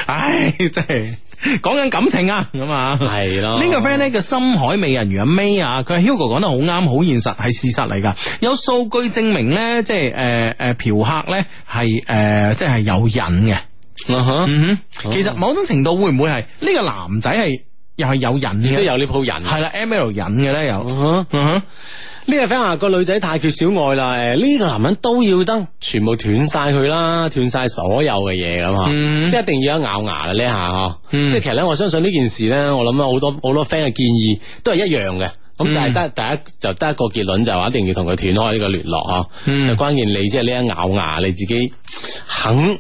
唉、哎，真係。講緊感情啊，咁啊係咯， 個呢、呢個 friend 咧叫深海美人魚阿 May 啊，佢係 Hugo 講得好啱，好現實係事實嚟噶，有數據證明咧，即係誒誒嫖客咧係誒即係有癮嘅，哼、uh，huh. uh huh. 其實某種程度會唔會係呢、呢個男仔係又係有癮嘅，都有呢鋪癮，係啦，M L 癮嘅咧又，哼。呢個 friend 話個女仔太缺少愛、這個、啦，呢個男人都要得，全部斷晒佢啦，斷晒所有嘅嘢咁啊，嗯、即係一定要一咬牙呢、這個、下嗬，嗯、即係其實咧，我相信呢件事咧，我諗好多好多 friend 嘅建議都係一樣嘅，咁但係得大家就得一個結論就話一定要同佢斷開呢個聯絡嗬，嗯、就關鍵你即係呢一咬牙你自己肯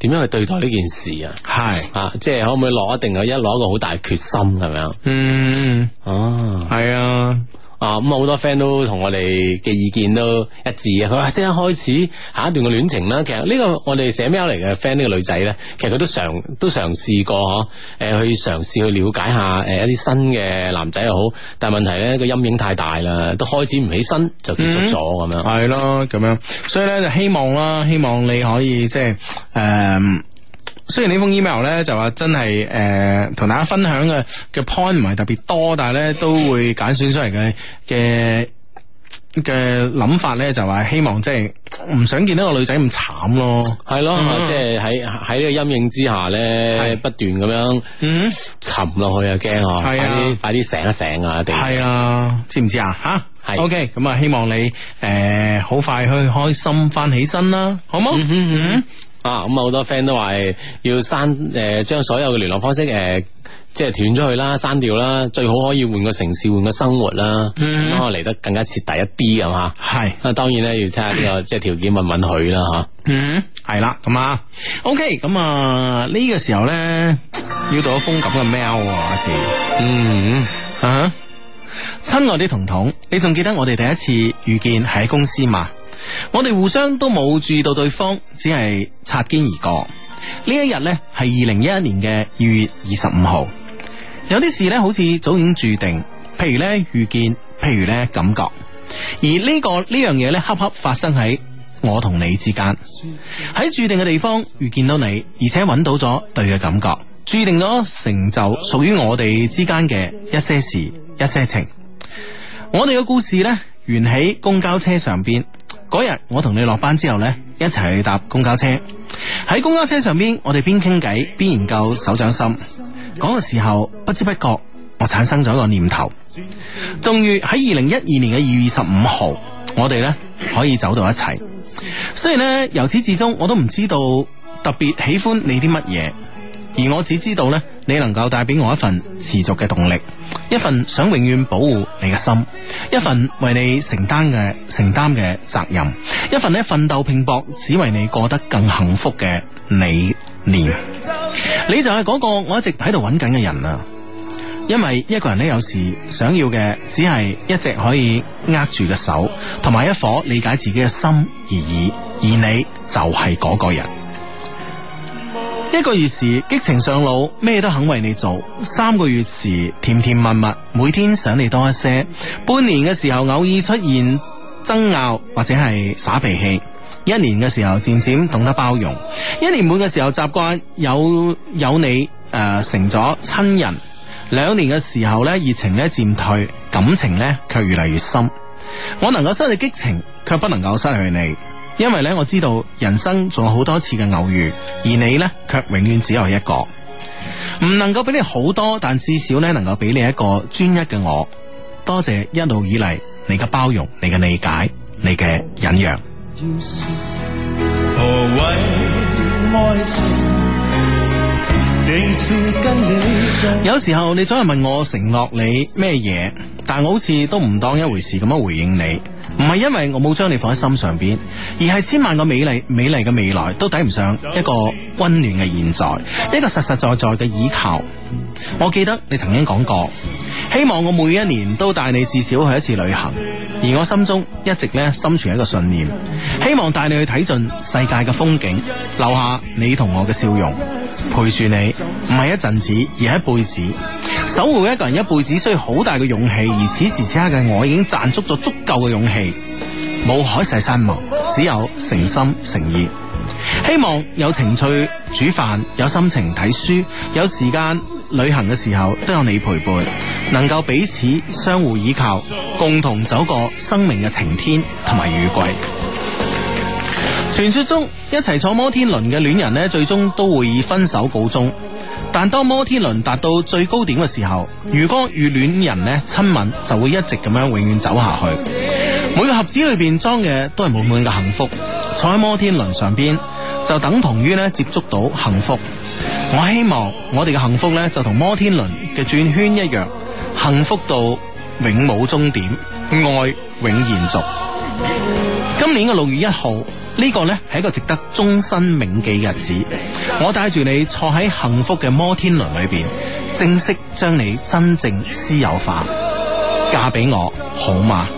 點樣去對待呢件事啊，係、嗯、啊，即係可唔可以落一定嘅一攞一個好大決心咁樣嗯，嗯啊，係啊，吧啊。啊，咁啊好多 friend 都同我哋嘅意見都一致啊！佢話即刻開始下一段嘅戀情啦。其實呢個我哋寫 mail 嚟嘅 friend 呢、呢個女仔咧，其實佢都嘗都嘗試過呵，誒、啊、去、呃、嘗試去了解下誒、呃、一啲新嘅男仔又好，但係問題咧，個陰影太大啦，都開始唔起身就結束咗咁樣。係咯，咁樣，所以咧就希望啦，希望你可以即係誒。呃雖然封呢封 email 咧就話真係誒同大家分享嘅嘅 point 唔係特別多，但係咧都會揀選出嚟嘅嘅嘅諗法咧就話希望即係唔想見到個女仔咁慘咯，係咯了，嗯、即係喺喺呢個陰影之下咧是不斷咁樣沉落去啊，驚啊、嗯嗯，快啲快啲醒一醒啊，一定係啊，們啊，知唔知啊吓？係、啊、是 OK，咁、嗯、啊希望你誒好、呃、快去開心翻起身啦，好冇？嗯嗯。啊，咁、嗯、好多 friend 都話要刪，誒、呃，將所有嘅聯絡方式，誒、呃，即係斷咗佢啦，刪掉啦，最好可以換個城市，換個生活啦，咁、mm hmm. 啊嚟得更加徹底一啲，係嘛？係是，啊，當然咧，mm hmm. 要睇下呢個即係條件允唔允許啦，吓。嗯，係啦刪，咁啊，OK，咁啊，呢個時候咧，要到一封咁嘅 mail 啊，阿志。嗯吓，親愛啲彤彤，你仲記得我哋第一次遇見喺公司嘛？我哋互相都冇注意到對方，只係擦肩而過。呢一日呢，係二零一一年嘅二月二十五號。有啲事呢，好似早已經注定，譬如咧遇見，譬如咧感覺。而呢、呢個呢樣嘢呢，恰恰發生喺我同你之間，喺注定嘅地方遇見到你，而且揾到咗對嘅感覺，注定咗成就屬於我哋之間嘅一些事、一些情。我哋嘅故事呢，原喺公交車上邊。嗰日我同你落班之後咧，一齊去搭公交車。喺公交車上邊，我哋邊傾偈邊研究手掌心。講嘅時候，不知不覺我產生咗一個念頭。終於喺二零一二年嘅二月二十五號，我哋咧可以走到一齊。雖然咧由始至終我都唔知道特別喜歡你啲乜嘢。而我只知道咧，你能夠帶俾我一份持續嘅動力，一份想永遠保護你嘅心，一份為你承擔嘅承擔嘅責任，一份咧奮鬥拼搏只為你過得更幸福嘅理念。你就係嗰個我一直喺度搵緊嘅人啊！因為一個人咧有時想要嘅只係一隻可以握住嘅手，同埋一顆理解自己嘅心而已。而你就係嗰個人。一個月時激情上腦，咩都肯為你做；三個月時甜甜蜜蜜，每天想你多一些；半年嘅時候偶爾出現爭拗或者係耍脾氣；一年嘅時候漸漸懂得包容；一年半嘅時候習慣有有你誒、呃、成咗親人；兩年嘅時候咧熱情咧漸退，感情咧卻越嚟越深。我能夠失去激情，卻不能夠失去你。因為咧，我知道人生仲有好多次嘅偶遇，而你呢，卻永遠只有一個，唔能夠俾你好多，但至少咧能夠俾你一個專一嘅我。多謝一路以嚟你嘅包容、你嘅理解、你嘅忍讓。有時候你總係問我承諾你咩嘢，但我好似都唔當一回事咁樣回應你。唔係因為我冇將你放喺心上邊，而係千萬個美麗美麗嘅未來都抵唔上一個温暖嘅現在，一個實實在在嘅依靠。我記得你曾經講過，希望我每一年都帶你至少去一次旅行，而我心中一直呢心存一個信念，希望帶你去睇盡世界嘅風景，留下你同我嘅笑容，陪住你唔係一陣子，而係一輩子。守護一個人一輩子需要好大嘅勇氣，而此時此刻嘅我已經賺足咗足夠嘅勇氣，冇海誓山盟，只有誠心誠意。希望有情趣煮飯，有心情睇書，有時間旅行嘅時候都有你陪伴，能夠彼此相互依靠，共同走過生命嘅晴天同埋雨季。傳說中一齊坐摩天輪嘅戀人呢，最終都會以分手告終。但當摩天輪達到最高點嘅時候，如果與戀人咧親吻，就會一直咁樣永遠走下去。每個盒子裏邊裝嘅都係滿滿嘅幸福，坐喺摩天輪上邊就等同於咧接觸到幸福。我希望我哋嘅幸福咧就同摩天輪嘅轉圈一樣，幸福到永冇終點，愛永延續。今年嘅六月一號，呢、呢個呢，係一個值得終身銘記嘅日子。我帶住你坐喺幸福嘅摩天輪裏邊，正式將你真正私有化，嫁俾我好嗎？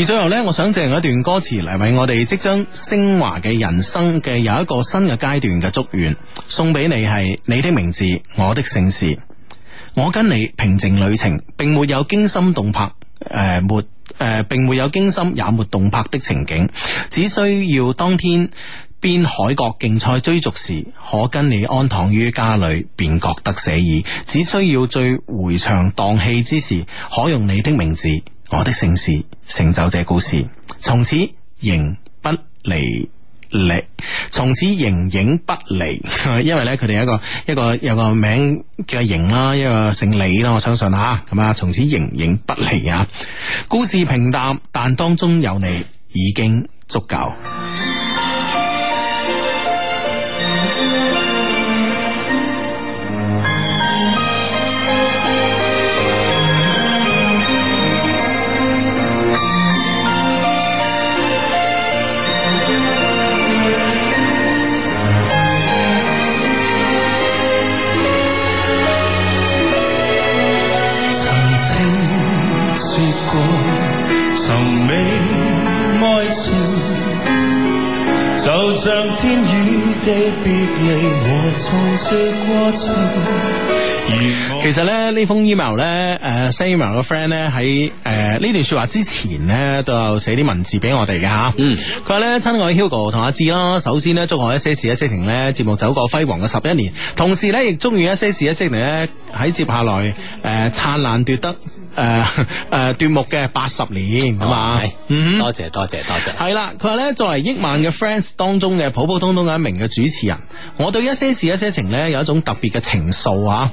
而最後咧，我想借用一段歌詞嚟，為我哋即將升華嘅人生嘅有一個新嘅階段嘅祝願，送俾你係你的名字，我的姓氏。我跟你平靜旅程，並沒有驚心動魄，誒、呃，沒誒、呃，並沒有驚心也沒動魄的情景，只需要當天邊海角競賽追逐時，可跟你安躺於家裏，便覺得寫意；只需要最迴腸蕩氣之時，可用你的名字。我的姓氏成就者故事，從此形不離李，從此形影不離。因為咧，佢哋一個有一個有個名叫瑩啦，一個姓李啦。我相信吓，咁啊，從此形影不離啊。故事平淡，但當中有你已經足夠。嗯、其實咧呢封 email 咧，誒，Sammy 個 friend 咧喺誒呢、呃、段說話之前咧都有寫啲文字俾我哋嘅吓，嗯，佢話咧親愛嘅 Hugo 同阿志咯，首先咧祝我一些事一些情咧節目走過輝煌嘅十一年，同時咧亦中意一些事一些情咧喺接下來。誒，燦爛奪得誒誒奪目嘅八十年，係嘛、哦？嗯吧，多謝多謝多謝。係啦、嗯，佢話咧，作為億萬嘅 friends 當中嘅普普通通嘅一名嘅主持人，我對一些事一些情咧有一種特別嘅情愫啊！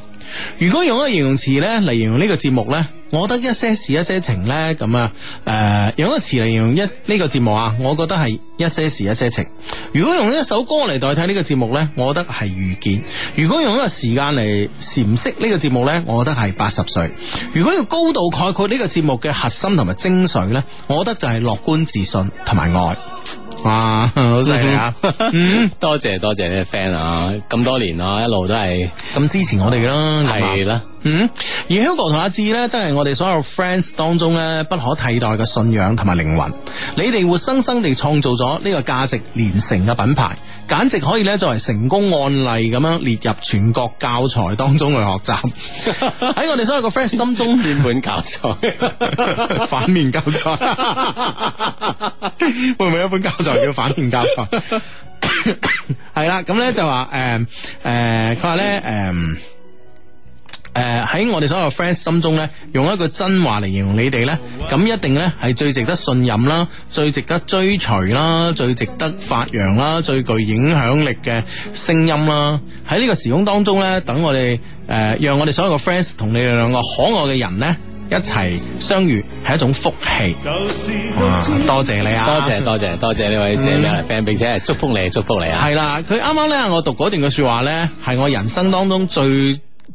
如果用一個形容詞咧嚟形容呢個節目咧？我覺得一些事一些情咧，咁啊，誒，用一個詞嚟形容一呢，這個節目啊，我覺得係一些事一些情。如果用一首歌嚟代替呢個節目咧，我覺得係遇見。如果用一個時間嚟闡釋呢個節目咧，我覺得係八十歲。如果要高度概括呢個節目嘅核心同埋精髓咧，我覺得就係樂觀自信同埋愛。哇，好犀利啊！多謝多謝呢個 friend 啊，咁多年啦，一路都係咁支持我哋咯，係啦、嗯。嗯，而 Hugo 同阿志咧，真係我哋所有 friends 當中咧，不可替代嘅信仰同埋靈魂。你哋活生生地創造咗呢個價值連城嘅品牌，簡直可以咧作為成功案例咁樣列入全國教材當中去學習。喺 我哋所有個 friends 心中念本教材， 反面教材 會唔會有一本教材叫反面教材？係啦， 咁 咧就話誒誒，佢話咧誒。呃誒，喺、呃、我哋所有嘅 friends 心中咧，用一句真話嚟形容你哋咧，咁一定咧係最值得信任啦，最值得追隨啦，最值得發揚啦，最具影響力嘅聲音啦。喺呢個時空當中咧，等我哋誒，讓我哋、呃、所有嘅 friends 同你哋兩個可愛嘅人咧一齊相遇，係一種福氣，啊。多謝你啊！多謝多謝多謝呢位舍友、嗯，並並且係祝福你，祝福你啊！係啦，佢啱啱咧，我讀嗰段嘅說話咧，係我人生當中最